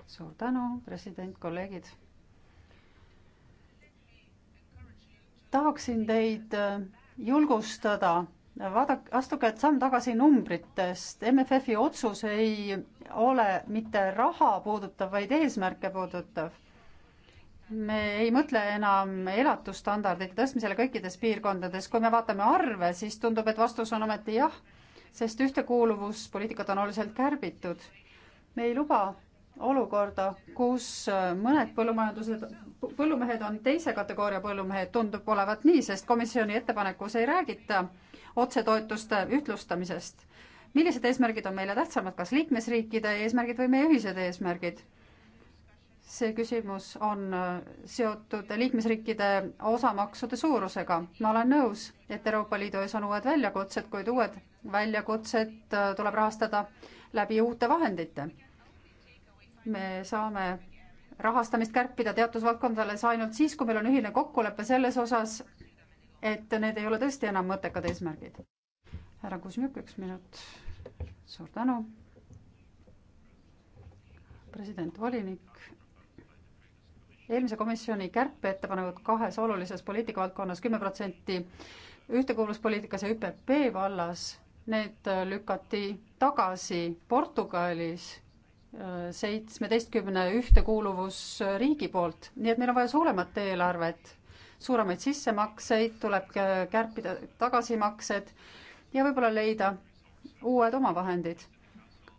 suur tänu, president, kolleegid. tahaksin teid äh, julgustada, vaadake, astuge samm tagasi numbritest. MFF-i otsus ei ole mitte raha puudutav, vaid eesmärke puudutav me ei mõtle enam elatusstandardite tõstmisele kõikides piirkondades, kui me vaatame arve, siis tundub, et vastus on ometi jah, sest ühtekuuluvuspoliitikat on oluliselt kärbitud. me ei luba olukorda, kus mõned põllumajandused, põllumehed on teise kategooria põllumehed, tundub olevat nii, sest komisjoni ettepanekus ei räägita otsetoetuste ühtlustamisest. millised eesmärgid on meile tähtsamad, kas liikmesriikide eesmärgid või meie ühised eesmärgid? see küsimus on äh, seotud liikmesriikide osamaksude suurusega. ma olen nõus, et Euroopa Liidu ees on uued väljakutsed, kuid uued väljakutsed äh, tuleb rahastada läbi uute vahendite. me saame rahastamist kärpida teadusvaldkondades ainult siis, kui meil on ühine kokkulepe selles osas, et need ei ole tõesti enam mõttekad eesmärgid. härra Kuzmjuk, üks minut. suur tänu. president, volinik eelmise komisjoni kärpeettepanekud kahes olulises poliitikavaldkonnas, kümme protsenti ühtekuuluvuspoliitikas ja ÜPP vallas, need lükati tagasi Portugalis äh, seitsmeteistkümne ühtekuuluvusriigi poolt, nii et meil on vaja suuremat eelarvet, suuremaid sissemakseid, tuleb kärpida tagasimaksed ja võib-olla leida uued omavahendid.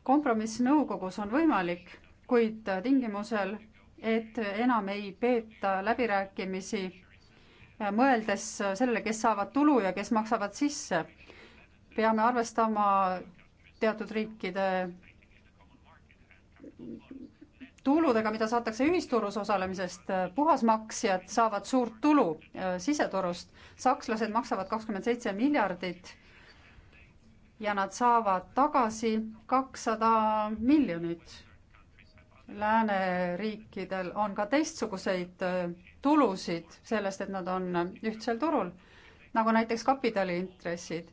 kompromiss nõukogus on võimalik, kuid tingimusel, et enam ei peeta läbirääkimisi, äh, mõeldes äh, sellele, kes saavad tulu ja kes maksavad sisse. peame arvestama teatud riikide tuludega, mida saadakse ühisturus osalemisest, äh, puhasmaksjad saavad suurt tulu siseturust, sakslased maksavad kakskümmend seitse miljardit ja nad saavad tagasi kakssada miljonit lääneriikidel on ka teistsuguseid äh, tulusid sellest, et nad on äh, ühtsel turul, nagu näiteks kapitaliintressid.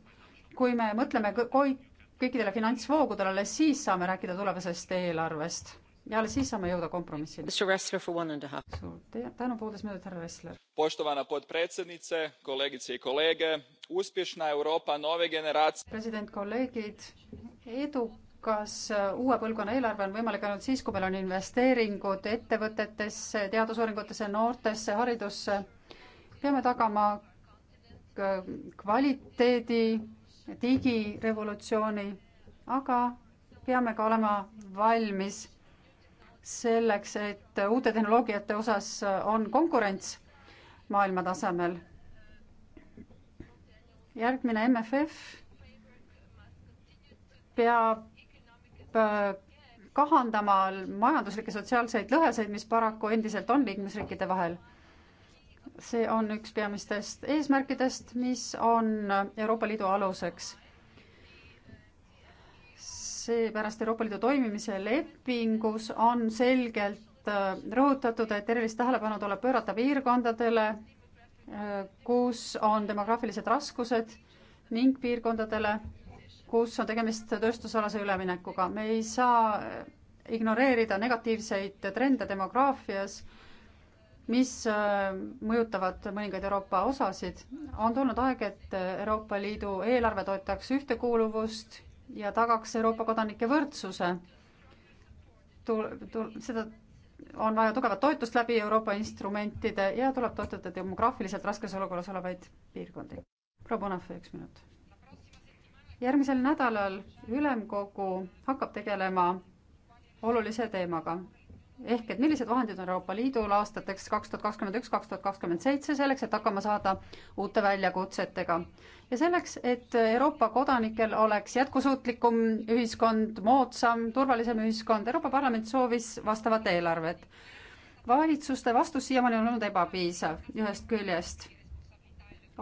kui me mõtleme kõikidele finantsvoogudele, alles siis saame rääkida tulevasest eelarvest ja alles siis saame jõuda kompromissini. suur tänu, poolteist minutit, härra Ressler. Poštovana podpredsednice, kolegice i kolege, uspješna Euroopa nove generaatsi-. president, kolleegid, edu kas äh, uue põlvkonna eelarve on võimalik ainult siis, kui meil on investeeringud ettevõtetesse, teadusuuringutesse, noortesse, haridusse. peame tagama äh, kvaliteedi, digirevolutsiooni, aga peame ka olema valmis selleks, et uute tehnoloogiate osas äh, on konkurents maailma tasemel. järgmine MFF peab Äh, kahandama majanduslikke sotsiaalseid lõhesid, mis paraku endiselt on liikmesriikide vahel. see on üks peamistest eesmärkidest, mis on Euroopa Liidu aluseks. seepärast Euroopa Liidu toimimise lepingus on selgelt äh, rõhutatud, et erilist tähelepanu tuleb pöörata piirkondadele, äh, kus on demograafilised raskused ning piirkondadele, kus on tegemist tööstusalase üleminekuga. me ei saa ignoreerida negatiivseid trende demograafias, mis äh, mõjutavad mõningaid Euroopa osasid. on tulnud aeg, et Euroopa Liidu eelarve toetaks ühtekuuluvust ja tagaks Euroopa kodanike võrdsuse. tul-, tul-, seda on vaja tugevat toetust läbi Euroopa instrumentide ja tuleb toetada demograafiliselt raskes olukorras olevaid piirkondi. proua Bonafé, üks minut järgmisel nädalal ülemkogu hakkab tegelema olulise teemaga ehk et millised vahendid on Euroopa Liidul aastateks kaks tuhat kakskümmend üks, kaks tuhat kakskümmend seitse selleks, et hakkama saada uute väljakutsetega. ja selleks, et Euroopa kodanikel oleks jätkusuutlikum ühiskond, moodsam, turvalisem ühiskond, Euroopa Parlament soovis vastavat eelarvet. valitsuste vastus siiamaani on olnud ebapiisav, ühest küljest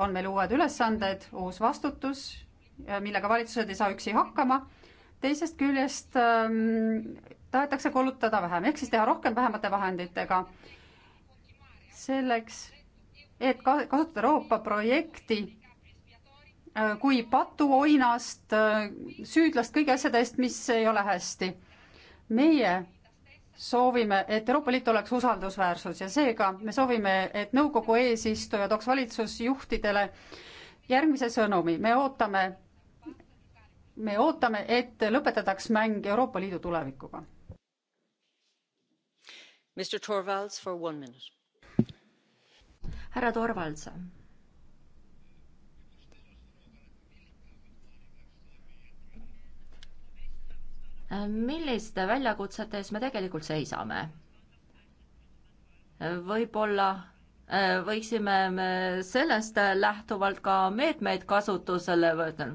on meil uued ülesanded, uus vastutus Äh, millega valitsused ei saa üksi hakkama, teisest küljest ähm, tahetakse kulutada vähem, ehk siis teha rohkem vähemate vahenditega, selleks, et ka, kasutada Euroopa projekti äh, kui patuoinast äh,, süüdlast kõigi asjade eest, mis ei ole hästi. meie soovime, et Euroopa Liit oleks usaldusväärsus ja seega me soovime, et nõukogu eesistuja tooks valitsusjuhtidele järgmise sõnumi, me ootame me ootame, et lõpetataks mäng Euroopa Liidu tulevikuga. härra Torvalds. milliste väljakutsete ees me tegelikult seisame? võib-olla Äh, võiksime me sellest lähtuvalt ka meetmeid kasutusele võtta.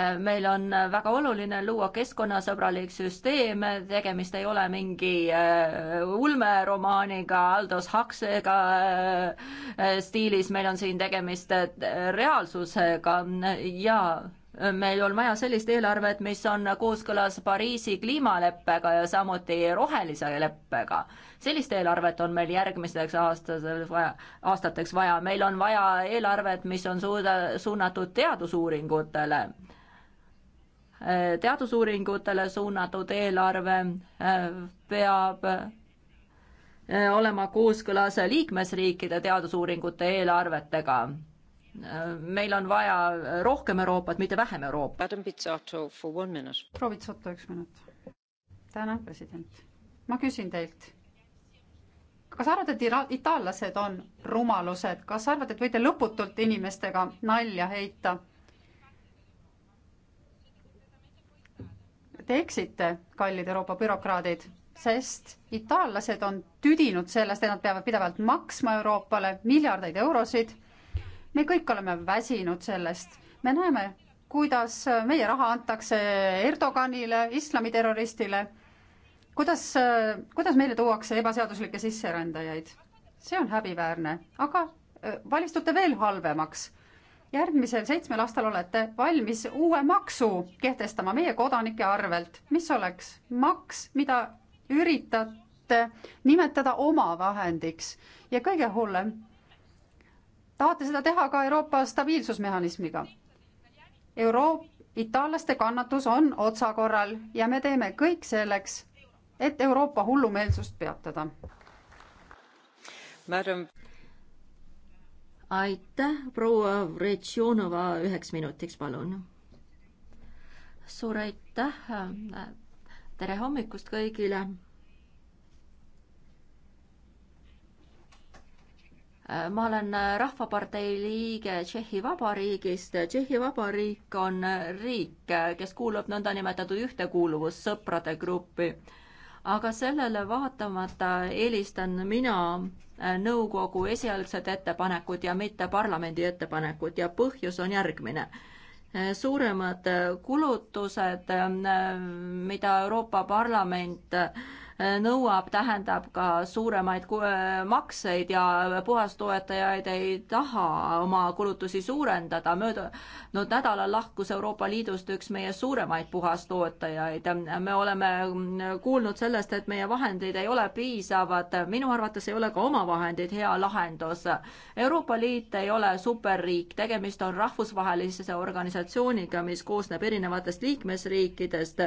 Äh, meil on väga oluline luua keskkonnasõbralik süsteem, tegemist ei ole mingi äh, ulmeromaaniga, Aldous Huxley'ga stiilis, meil on siin tegemist reaalsusega ja meil on vaja sellist eelarvet, mis on kooskõlas Pariisi kliimaleppega ja samuti rohelise leppega. sellist eelarvet on meil järgmisteks aastateks vaja, aastateks vaja, meil on vaja eelarvet, mis on suuda, suunatud teadusuuringutele teadusuuringutele suunatud eelarve äh, peab äh, olema kooskõlas liikmesriikide teadusuuringute eelarvetega meil on vaja rohkem Euroopat, mitte vähem Euroopat. proovid sotta üks minut. tänan, president. ma küsin teilt. kas arvad, et itaallased on rumalused, kas arvad, et võite lõputult inimestega nalja heita? Te eksite, kallid Euroopa bürokraadid, sest itaallased on tüdinud sellest, et nad peavad pidevalt maksma Euroopale miljardeid eurosid me kõik oleme väsinud sellest, me näeme, kuidas meie raha antakse Erdoganile, islamiterroristile, kuidas, kuidas meile tuuakse ebaseaduslikke sisserändajaid. see on häbiväärne, aga valistute veel halvemaks. järgmisel seitsmel aastal olete valmis uue maksu kehtestama meie kodanike arvelt, mis oleks maks, mida üritate nimetada omavahendiks ja kõige hullem tahate seda teha ka Euroopa stabiilsusmehhanismiga. Euroop-, itaallaste kannatus on otsakorral ja me teeme kõik selleks, et Euroopa hullumeelsust peatada. aitäh, proua Vretšonova, üheks minutiks, palun. suur aitäh, tere hommikust kõigile ma olen Rahvapartei liige Tšehhi Vabariigist. Tšehhi Vabariik on riik, kes kuulub nõndanimetatud ühtekuuluvussõprade gruppi. aga sellele vaatamata eelistan mina nõukogu esialgset ettepanekut ja mitte parlamendi ettepanekut ja põhjus on järgmine suuremad kulutused, mida Euroopa Parlament nõuab, tähendab ka suuremaid makseid ja puhastoetajaid ei taha oma kulutusi suurendada. möödunud nädalal lahkus Euroopa Liidust üks meie suuremaid puhastootajaid. me oleme kuulnud sellest, et meie vahendid ei ole piisavad. minu arvates ei ole ka omavahendid hea lahendus. Euroopa Liit ei ole superriik, tegemist on rahvusvahelise organisatsiooniga, mis koosneb erinevatest liikmesriikidest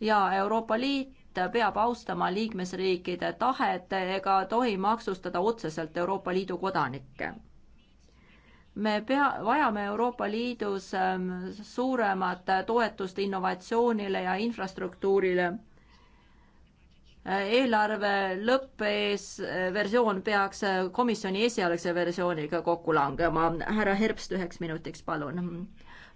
ja Euroopa Liit Liit peab austama liikmesriikide tahet ega tohi maksustada otseselt Euroopa Liidu kodanikke. me pea, vajame Euroopa Liidus ähm, suuremat toetust innovatsioonile ja infrastruktuurile äh, eelarve lõppees äh, versioon peaks äh, komisjoni esialgse versiooniga kokku langema. härra Herbst üheks minutiks, palun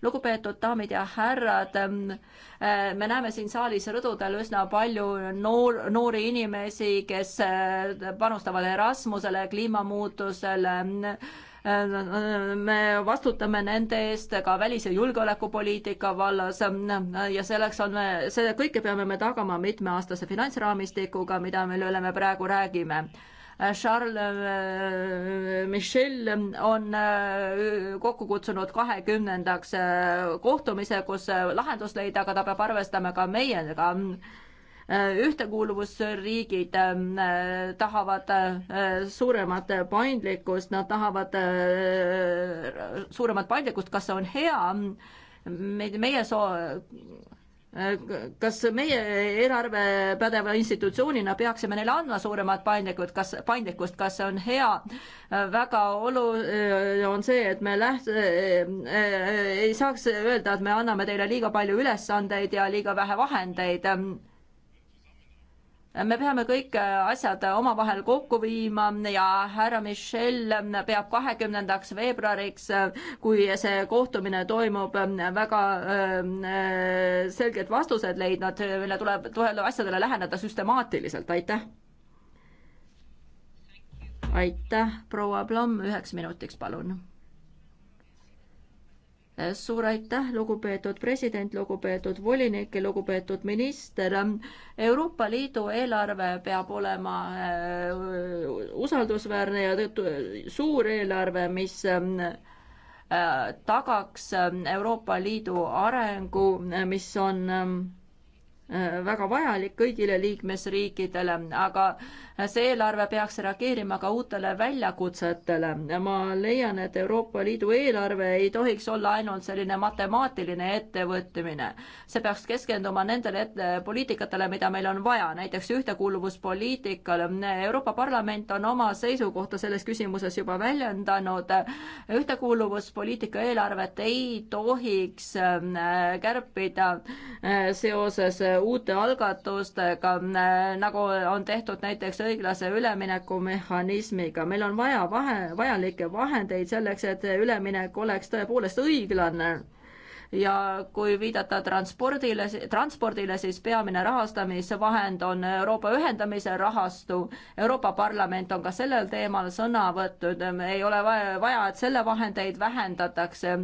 lugupeetud daamid ja härrad, ähm, äh, me näeme siin saalis rõdudel üsna palju noor, noori inimesi, kes äh, panustavad Erasmusele, kliimamuutusele, äh, me vastutame nende eest ka välis- ja julgeolekupoliitika vallas ja selleks on me, seda kõike peame me tagama mitmeaastase finantsraamistikuga, mida me, mille üle me praegu räägime Charles äh, Michel on äh, kokku kutsunud kahekümnendaks äh, kohtumise, kus lahendus leida, aga ta peab arvestama ka meiega ühtekuuluvusriigid tahavad suuremat paindlikkust, nad tahavad suuremat paindlikkust, kas see on hea, meie soo-, Äh, kas meie eelarvepädeva institutsioonina peaksime neile andma suuremat paindlikkust, kas, paindlikkust, kas see on hea? Äh, väga oluline äh, on see, et me läht-, ei saaks öelda, et me anname teile liiga palju ülesandeid ja liiga vähe vahendeid me peame kõik asjad omavahel kokku viima ja härra Michel peab kahekümnendaks veebruariks, kui see kohtumine toimub, väga äh, äh, selged vastused leidma, et meile tuleb, tuleb asjadele läheneda süstemaatiliselt, aitäh. aitäh, proua Plamm, üheks minutiks, palun suur aitäh, lugupeetud president, lugupeetud volinik ja lugupeetud minister. Euroopa Liidu eelarve peab olema äh, usaldusväärne ja suur eelarve, mis äh, tagaks Euroopa Liidu arengu, mis on äh, Äh, väga vajalik kõigile liikmesriikidele, aga see eelarve peaks reageerima ka uutele väljakutsetele. ma leian, et Euroopa Liidu eelarve ei tohiks olla ainult selline matemaatiline ettevõtmine. see peaks keskenduma nendele ette, poliitikatele, mida meil on vaja, näiteks ühtekuuluvuspoliitikale. Euroopa Parlament on oma seisukohta selles küsimuses juba väljendanud. ühtekuuluvuspoliitika eelarvet ei tohiks äh, kärpida äh, seoses uute algatustega, äh, nagu on tehtud näiteks õiglase ülemineku mehhanismiga. meil on vaja vahe, vajalikke vahendeid selleks, et üleminek oleks tõepoolest õiglane ja kui viidata transpordile, transpordile, siis peamine rahastamisvahend on Euroopa ühendamise rahastu. Euroopa Parlament on ka sellel teemal sõna võtnud, ei ole vaja, et selle vahendeid vähendatakse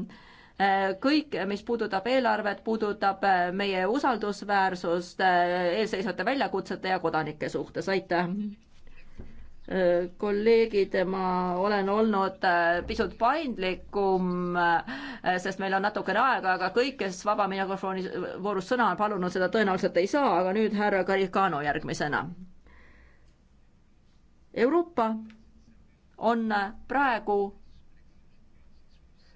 Äh, kõik, mis puudutab eelarvet, puudutab äh, meie usaldusväärsust äh, eelseisvate väljakutsete ja kodanike suhtes, aitäh! kolleegid, ma olen olnud pisut paindlikum, sest meil on natukene aega, aga kõik, kes vaba mikrofoni voorus sõna on palunud, seda tõenäoliselt ei saa, aga nüüd härra Garicano järgmisena. Euroopa on praegu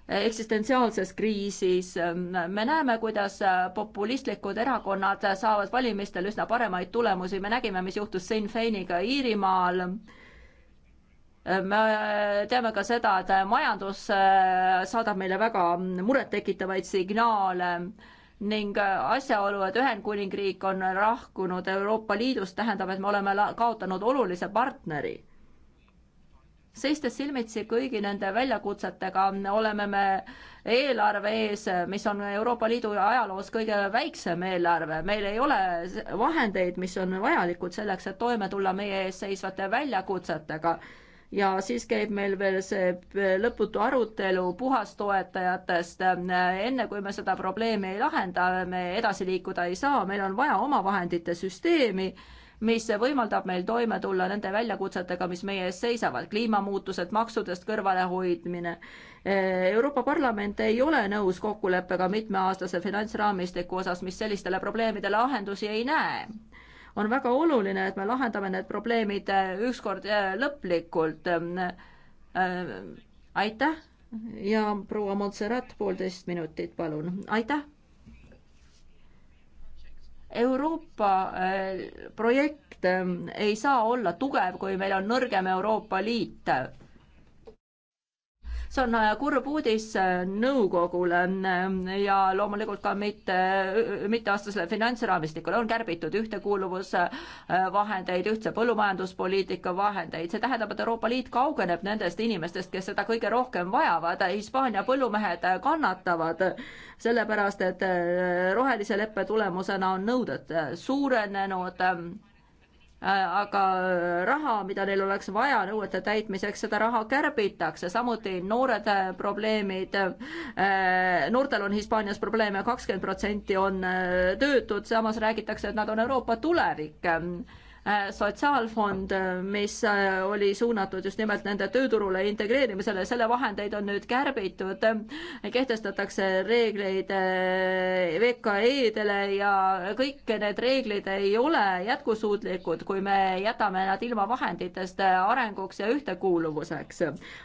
eksistentsiaalses kriisis. me näeme, kuidas populistlikud erakonnad saavad valimistel üsna paremaid tulemusi, me nägime, mis juhtus Sinn Feiniga Iirimaal. me teame ka seda, et majandus saadab meile väga murettekitavaid signaale ning asjaolu, et Ühendkuningriik on lahkunud Euroopa Liidust, tähendab, et me oleme kaotanud olulise partneri seistes silmitsi kõigi nende väljakutsetega oleme me eelarve ees, mis on Euroopa Liidu ajaloos kõige väiksem eelarve, meil ei ole vahendeid, mis on vajalikud selleks, et toime tulla meie ees seisvate väljakutsetega. ja siis käib meil veel see lõputu arutelu puhastoetajatest, enne kui me seda probleemi ei lahenda, me edasi liikuda ei saa, meil on vaja omavahendite süsteemi mis võimaldab meil toime tulla nende väljakutsetega, mis meie ees seisavad, kliimamuutused, maksudest kõrvalehoidmine. Euroopa Parlament ei ole nõus kokkuleppega mitmeaastase finantsraamistiku osas, mis sellistele probleemidele lahendusi ei näe on väga oluline, et me lahendame need probleemid äh, ükskord äh, lõplikult. Äh, aitäh ja proua Montserrat, poolteist minutit, palun, aitäh Euroopa äh, projekt ähm, ei saa olla tugev, kui meil on nõrgem Euroopa Liit see on äh, kurb uudis äh, nõukogule mm, äh, ja loomulikult ka mitte, mitteaastasele finantsraamistikule on kärbitud ühtekuuluvusvahendeid, ühtse põllumajanduspoliitika vahendeid, see tähendab, et Euroopa Liit kaugeneb nendest inimestest, kes seda kõige rohkem vajavad, Hispaania põllumehed kannatavad, sellepärast et rohelise leppe tulemusena on nõuded suurenenud ähm, Äh, aga raha, mida neil oleks vaja nõuete täitmiseks, seda raha kärbitakse, samuti noored äh, probleemid, äh, noortel on Hispaanias probleeme, kakskümmend protsenti on töötud, samas räägitakse, et nad on Euroopa tulevik Äh, sotsiaalfond, äh, mis äh, oli suunatud just nimelt nende tööturule integreerimisele, selle vahendeid on nüüd kärbitud. kehtestatakse reegleid VKE-dele ja kõik need reeglid ei ole jätkusuutlikud, kui me jätame nad ilma vahenditest arenguks ja ühtekuuluvuseks.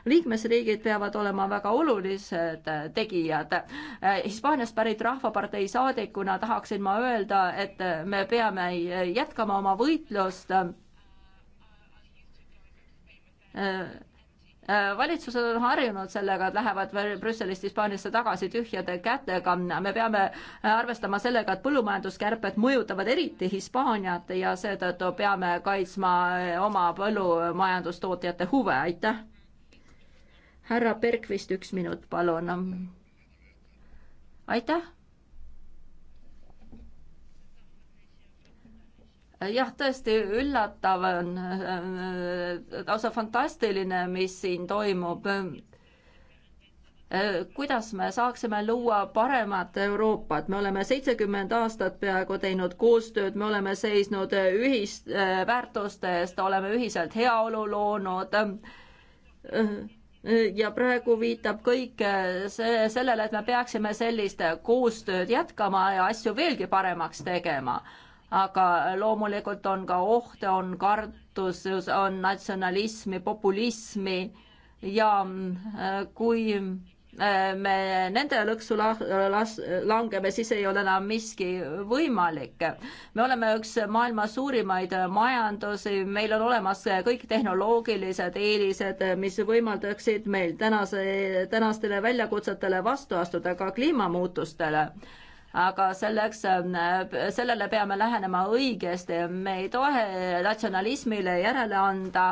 liikmesriigid peavad olema väga olulised tegijad. Hispaaniast pärit Rahvapartei saadikuna tahaksin ma öelda, et me peame jätkama oma võitlust tegevust. valitsused on harjunud sellega, et lähevad Brüsselist Hispaaniasse tagasi tühjade kätega. me peame arvestama sellega, et põllumajanduskärped mõjutavad eriti Hispaaniat ja seetõttu peame kaitsma oma põllumajandustootjate huve, aitäh. härra Bergvist üks minut, palun. aitäh jah, tõesti üllatav on, äh, lausa fantastiline, mis siin toimub. Äh, kuidas me saaksime luua paremat Euroopat, me oleme seitsekümmend aastat peaaegu teinud koostööd, me oleme seisnud äh, ühist väärtuste eest, oleme ühiselt heaolu loonud ja praegu viitab kõik see sellele, et me peaksime sellist koostööd jätkama ja asju veelgi paremaks tegema aga loomulikult on ka ohte, on kartus, on natsionalismi, populismi ja äh, kui äh, me nende lõksu la-, las-, langeme, siis ei ole enam miski võimalik. me oleme üks maailma suurimaid majandusi, meil on olemas kõik tehnoloogilised eelised, mis võimaldaksid meil tänase, tänastele väljakutsetele vastu astuda, ka kliimamuutustele aga selleks, äh, sellele peame lähenema õigesti, me ei tohi natsionalismile järele anda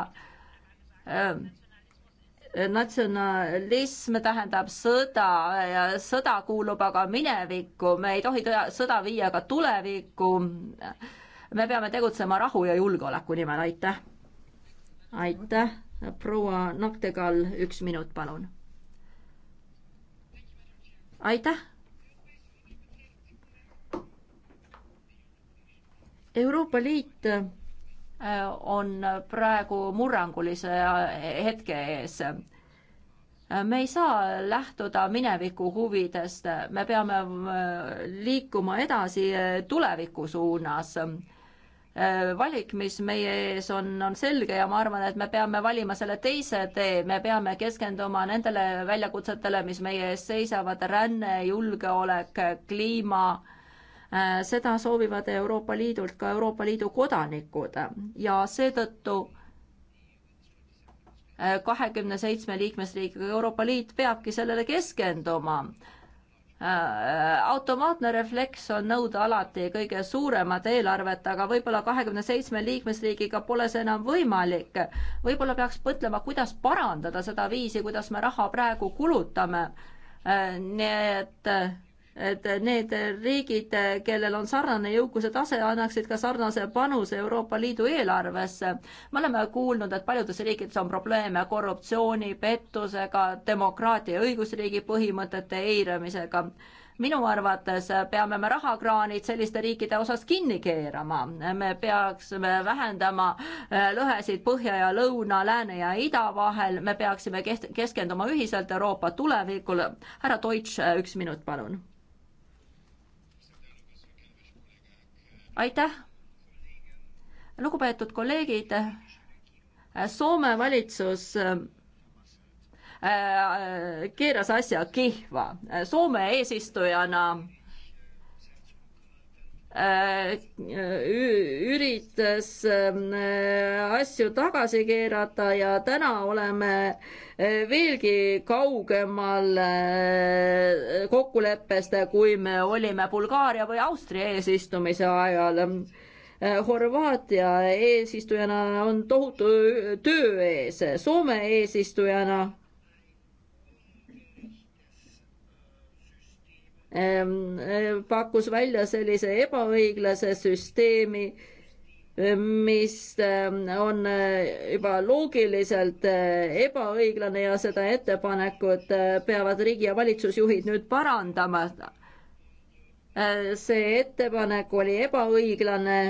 äh, natsionalism tähendab sõda ja sõda kuulub aga minevikku, me ei tohi tõja, sõda viia ka tulevikku. me peame tegutsema rahu ja julgeoleku nimel, aitäh. aitäh, proua Noktegal, üks minut, palun. aitäh Euroopa Liit äh, on praegu murrangulise äh, hetke ees. Äh, me ei saa lähtuda mineviku huvidest, me peame liikuma edasi tuleviku suunas valik, mis meie ees on, on selge ja ma arvan, et me peame valima selle teise tee, me peame keskenduma nendele väljakutsetele, mis meie ees seisavad, ränne, julgeolek, kliima Äh, seda soovivad Euroopa Liidult ka Euroopa Liidu kodanikud ja seetõttu äh, kahekümne seitsme liikmesriigiga Euroopa Liit peabki sellele keskenduma äh, automaatne refleks on nõuda alati kõige suuremat eelarvet, aga võib-olla kahekümne seitsme liikmesriigiga pole see enam võimalik. võib-olla peaks mõtlema, kuidas parandada seda viisi, kuidas me raha praegu kulutame. nii et et need riigid, kellel on sarnane jõukuse tase, annaksid ka sarnase panuse Euroopa Liidu eelarvesse. me oleme kuulnud, et paljudes riikides on probleeme korruptsiooni, pettusega, demokraatia ja õigusriigi põhimõtete eiramisega minu arvates peame me rahakraanid selliste riikide osas kinni keerama. me peaksime vähendama eh, lõhesid põhja ja lõuna, lääne ja ida vahel, me peaksime keskenduma ühiselt Euroopa tulevikule. härra Deutsch, üks minut, palun aitäh! lugupeetud kolleegid, Soome valitsus äh, äh, keeras asja kihva. Soome eesistujana Äh, üritas ähm, äh, asju tagasi keerata ja täna oleme äh, veelgi kaugemal kokkuleppest, kui me olime Bulgaaria või Austria eesistumise ajal. Horvaatia eesistujana on tohutu töö ees, Soome eesistujana Eh, pakkus välja sellise ebaõiglase süsteemi, eh, mis on eh, juba loogiliselt ebaõiglane ja seda ettepanekut peavad riigi- ja valitsusjuhid nüüd parandama. see ettepanek oli ebaõiglane